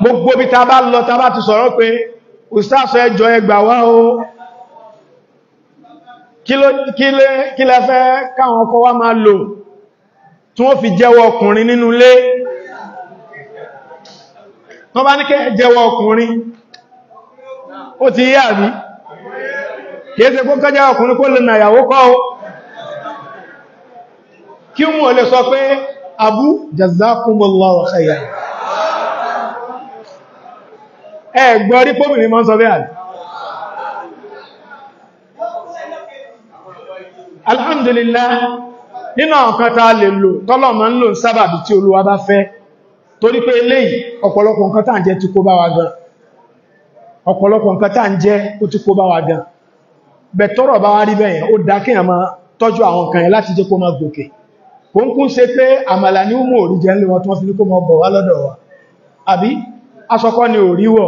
gbogbo bí ta bá lọ ta bá ti sọ̀rọ̀ pé ustaz ẹjọ́ ẹgbà wá o kí lẹ fẹ́ káwọn ọkọ wa máa lò tí wọ́n fi jẹ́wọ́ ọkùnrin nínú ilé tó bá ní kẹ́ jẹ́wọ́ ọkùnrin ó ti yí àrí kìí ṣe kó kọjá ọkùnrin kó lè nà ìyàwó kọ́ o kí ole lè sọ pé abú jazakumullahu khayran ẹ gbọ́ rí pómìnì mọ́ sọ bẹ́ẹ̀ alhamdulillah nínú àwọn kan lè lò tọ́lọ̀ ma ń lò sábàbí tí olúwa bá fẹ́ torí pé eléyìí ọ̀pọ̀lọpọ̀ nǹkan tá ń ti kó bá wa gan ọ̀pọ̀lọpọ̀ nǹkan tá ó ti kó bá wa gan bẹ̀tọ́rọ̀ bá wá rí ó kò ń kún ṣe pé àmàlà ní mú òrí jẹ́ ńlẹ̀ wọn tó fi ní kó mọ́ bọ̀ wá lọ́dọ̀ wa àbí aṣọkọ́ ni ò ríwọ̀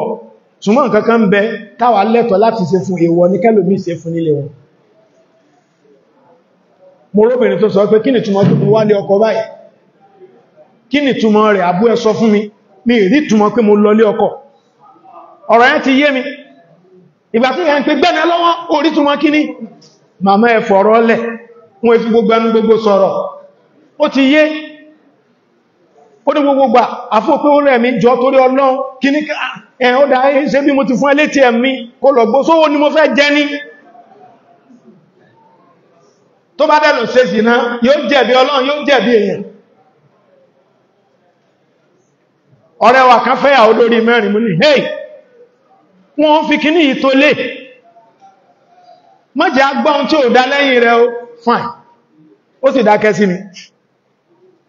túnmọ̀ nǹkan kan ń bẹ táwa lẹ́tọ̀ láti ṣe fún èèwọ̀ ní kẹ́lòmí ṣe fún nílé wọn mo róbìnrin tó sọ mi mi rí túnmọ̀ pé mo lọ lé ọkọ mi ìgbà tí yẹn pé gbẹ́nà lọ́wọ́ orí túnmọ̀ kí ni màmá ẹ fọ̀rọ̀ wọ́n fi gbogbo sọ̀rọ̀ ó ti yé ó ní gbogbo gbà àfún pé ó rẹ̀ mi jọ torí ọlọ́run kí ní ẹ̀họ́ dá ṣe bí mo ti fún ẹlẹ́tì ẹ̀mí kó lọ gbó ni mo fẹ́ jẹ́ ní tó bá dẹ̀lù ṣe sì náà yóò jẹ̀bi ọlọ́run yóò jẹ̀bi èèyàn ọ̀rẹ́ wa kan fẹ́yàwó lórí mẹ́rin mú ní hey wọ́n fi kíní yìí tó lè mọ́jẹ́ agbọ́n tí ò dá lẹ́yìn rẹ̀ ó fine ó sì dákẹ́ sí ni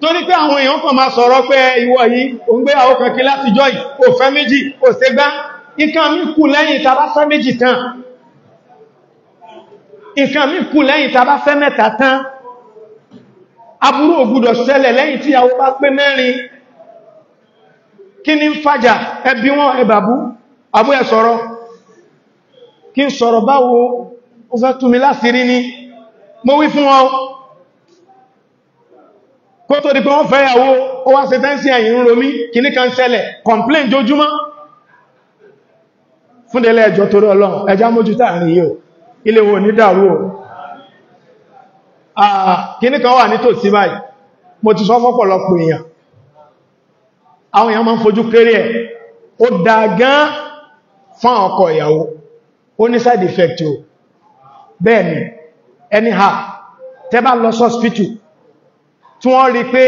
torí pé àwọn èèyàn kan máa sọ̀rọ̀ pé ìwọ yìí o ń gbé àwọn kan láti jọ yìí o fẹ́ méjì o ṣe gbá nǹkan mi kù lẹ́yìn tàbá fẹ́ méjì tán nǹkan mi kù lẹ́yìn tàbá fẹ́ mẹ́ta tán aburú ò gbọ́dọ̀ ṣẹlẹ̀ lẹ́yìn tí ìyàwó bá pé mẹ́rin kí ní ń fàjà ẹbí wọn ẹbàbú àbú ẹ sọ̀rọ̀ kí ń sọ̀rọ̀ báwo ó fẹ́ tú mi láṣìírí ni mo wí fún wọn kó tó di pé wọ́n fẹ́yàwó ó wá ṣe tẹ́ǹsì ẹ̀yìn ń romí kìní kan ṣẹlẹ̀ complain jójúmọ́ fúndẹ̀lẹ̀ ẹjọ́ torí ọlọ́run ẹjá mójú táàrin yìí ilé wo ní dàrú o ah, ah, kìní kan wà nítòsí báyìí mo ti sọ fọ́pọ̀lọpọ̀ èèyàn àwọn èèyàn máa ń fojú kéré ẹ̀ ó dá gán fún ọkọ ìyàwó ó ní side effect o bẹ́ẹ̀ ni anyhow tẹ́ bá lọ sọ́spítù tí wọ́n rí pé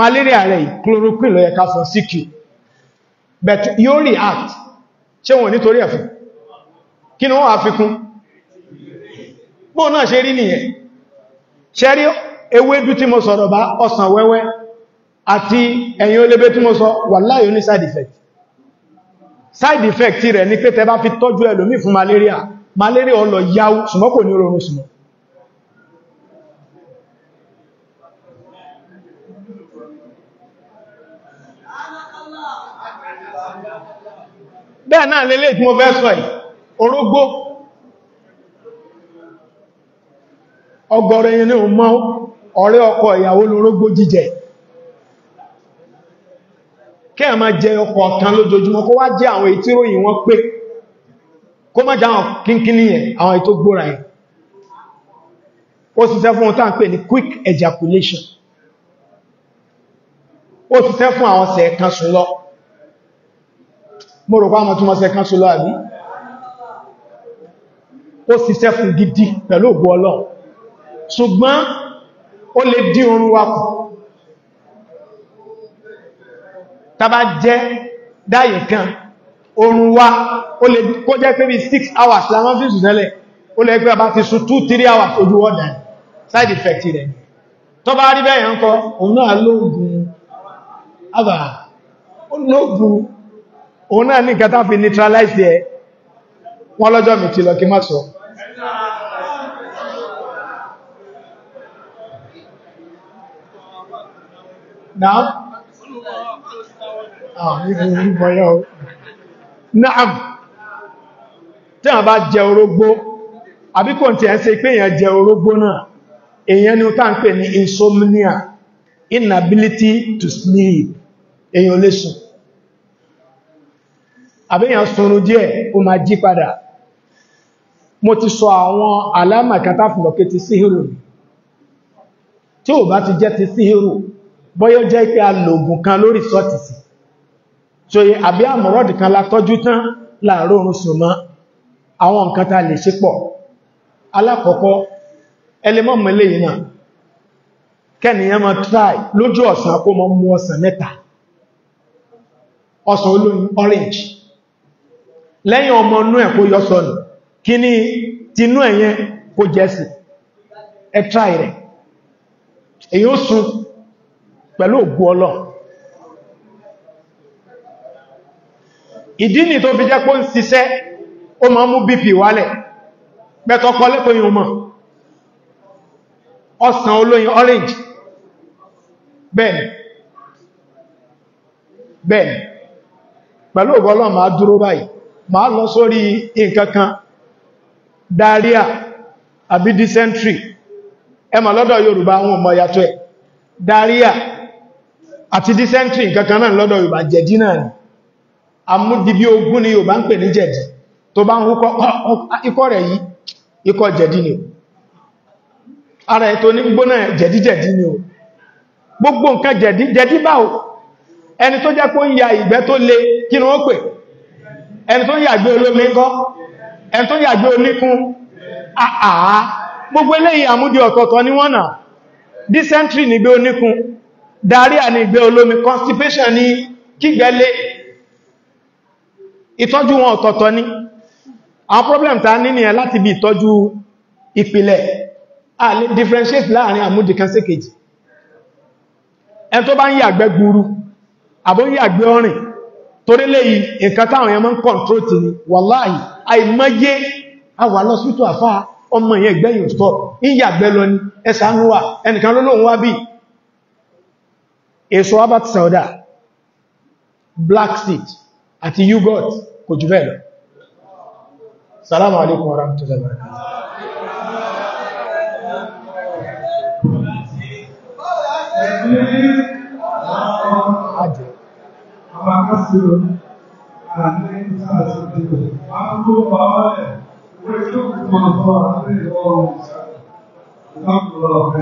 malaria rẹ̀ chloroquine ló yẹ ká fún CQ but yóò react ṣe wọn nítorí ẹ̀fún kí ni wọ́n wà fikún bó náà ṣe rí nìyẹn ṣe rí ewédú tí mo sọ̀rọ̀ bá ọsàn wẹ́wẹ́ àti ẹ̀yìn olébé tí mo sọ wà láyò ní side effect side effect rẹ̀ ni pé tẹ bá fi tọ́jú ẹlòmí fún malaria malaria ó lọ yáwó ṣùgbọ́n kò ní ororun ṣùgbọ́n bẹ́ẹ̀ náà lélé tí mo fẹ́ sọ ì orógbó ọgọ́rọ̀ ma ní ọmọ ọ̀rẹ́ ọkọ ìyàwó lórógbó jíjẹ kí a máa jẹ ọkọ̀ ọ̀kan lójoojúmọ́ kó wá jẹ́ àwọn ètí ròyìn wọn pé kó má jáwọn kínkíní yẹn àwọn ètò gbóra yẹn ó ṣiṣẹ́ fún tán pè ní quick ejaculation ó ṣiṣẹ́ fún àwọn sẹ̀ẹ̀kan sùn mo rò pa mọ̀ túnmọ̀ sẹ́kán ṣe lọ àbí ó ṣiṣẹ́ fún gidi pẹ̀lú ògbó ọlọ́ ṣùgbọ́n ó lè dín oorun wa kù tàbá jẹ́ dáyé kan oorun wa ó lè kó jẹ́ pé bí 6 hours láwọn fi sùn tẹ́lẹ̀ ó lè pé bá ti 2-3 hours ojú ọ̀dà side effect rẹ̀ tó bá rí bẹ́ẹ̀ ń kọ́ òun náà lóògùn àbà ó lóògùn òun náà ní fi neutralize ẹ wọ́n lọ́jọ́ mi ti lọ kí sọ ah, Tí a bá jẹ orógbó, ya tí ẹ ṣe pé jẹ orógbó náà, ni tá ń pè insomnia, inability to sleep, èèyàn àbíyàn sunrun díẹ̀ ó máa jí padà mo ti sọ àwọn alámà kátà fìlọ̀kẹ́ ti síhìrò tí ò bá ti jẹ́ ti síhìrò bọ́yọ́ jẹ́ pé a lògùn kan lórí sọ́tìsì so yẹ àbí àmọ̀rọ̀dì kan la tọ́jú tán láàrọ̀ oorun sùn mọ́ àwọn nǹkan ta lè ṣe pọ̀ alákọ̀ọ́kọ́ ẹlẹ́mọ̀mọ̀ eléyìí náà kẹ́nìyàn máa try lójú orange lẹ́yìn ọmọ inú ẹ̀ kó yọ sọ́nù kí ní tinú ẹ̀yẹn kó jẹ́sì ẹ̀tà rẹ̀ èyí ó sun pẹ̀lú ògbú ọlọ́ ìdí ni tó fi jẹ́ pó ń ṣiṣẹ́ ó máa mú bp wálẹ̀ pẹ́tọ́kọ́ lẹ́kọ̀ọ́yìn ọmọ ọsàn olóyin orange bẹ́ẹ̀ni pẹ̀lú dúró báyìí ma lọ sórí nǹkankan daria àbí dysentery ẹmà lọ́dọ̀ Yorùbá àwọn ọmọ yàtọ̀ ẹ̀ daria àti dysentery nǹkankan náà lọ́dọ̀ Yorùbá jẹ̀dí náà ni àmúdi bí ogún ni Yorùbá ń pè ní jẹ̀dí tó bá ń húkọ́ ikọ́ rẹ̀ yìí ikọ́ jẹ̀dí ni ẹni tó ń yàgbé olómi ń kọ́ ẹni tó ń yàgbé oníkún àà gbogbo eléyìn àmúdí ọ̀tọ̀ọ̀tọ̀ ní wọ́n náà dysentery ní gbé oníkún diarrhea ní gbé olómi constipation ní kígbẹ́lé ìtọ́jú wọn ọ̀tọ̀ọ̀tọ̀ ní àwọn problem ta ní nìyẹn láti bí ìtọ́jú ìpìlẹ̀ differentiate láàrin àmúdí kan sí kejì ẹni tó bá ń yàgbẹ́ torí léyìí nǹkan táwọn èèyàn ń control ti ní wàláhì àìmọ́yé àwà lọ sí tó àfá ọmọ èèyàn gbẹ̀yìn ò stop ìyàgbẹ́ lọ ní ẹsànúwà ẹnìkan lólóhun wá bí èso albert sauda black seed àti yogurt kò jù bẹ́ẹ̀ lọ salamu alaikum abakasiro anenza asitiro abo baale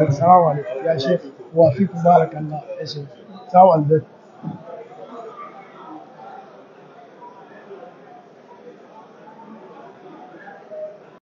السلام عليكم يا شيخ وفيكم بارك الله يا شيخ سلام عليكم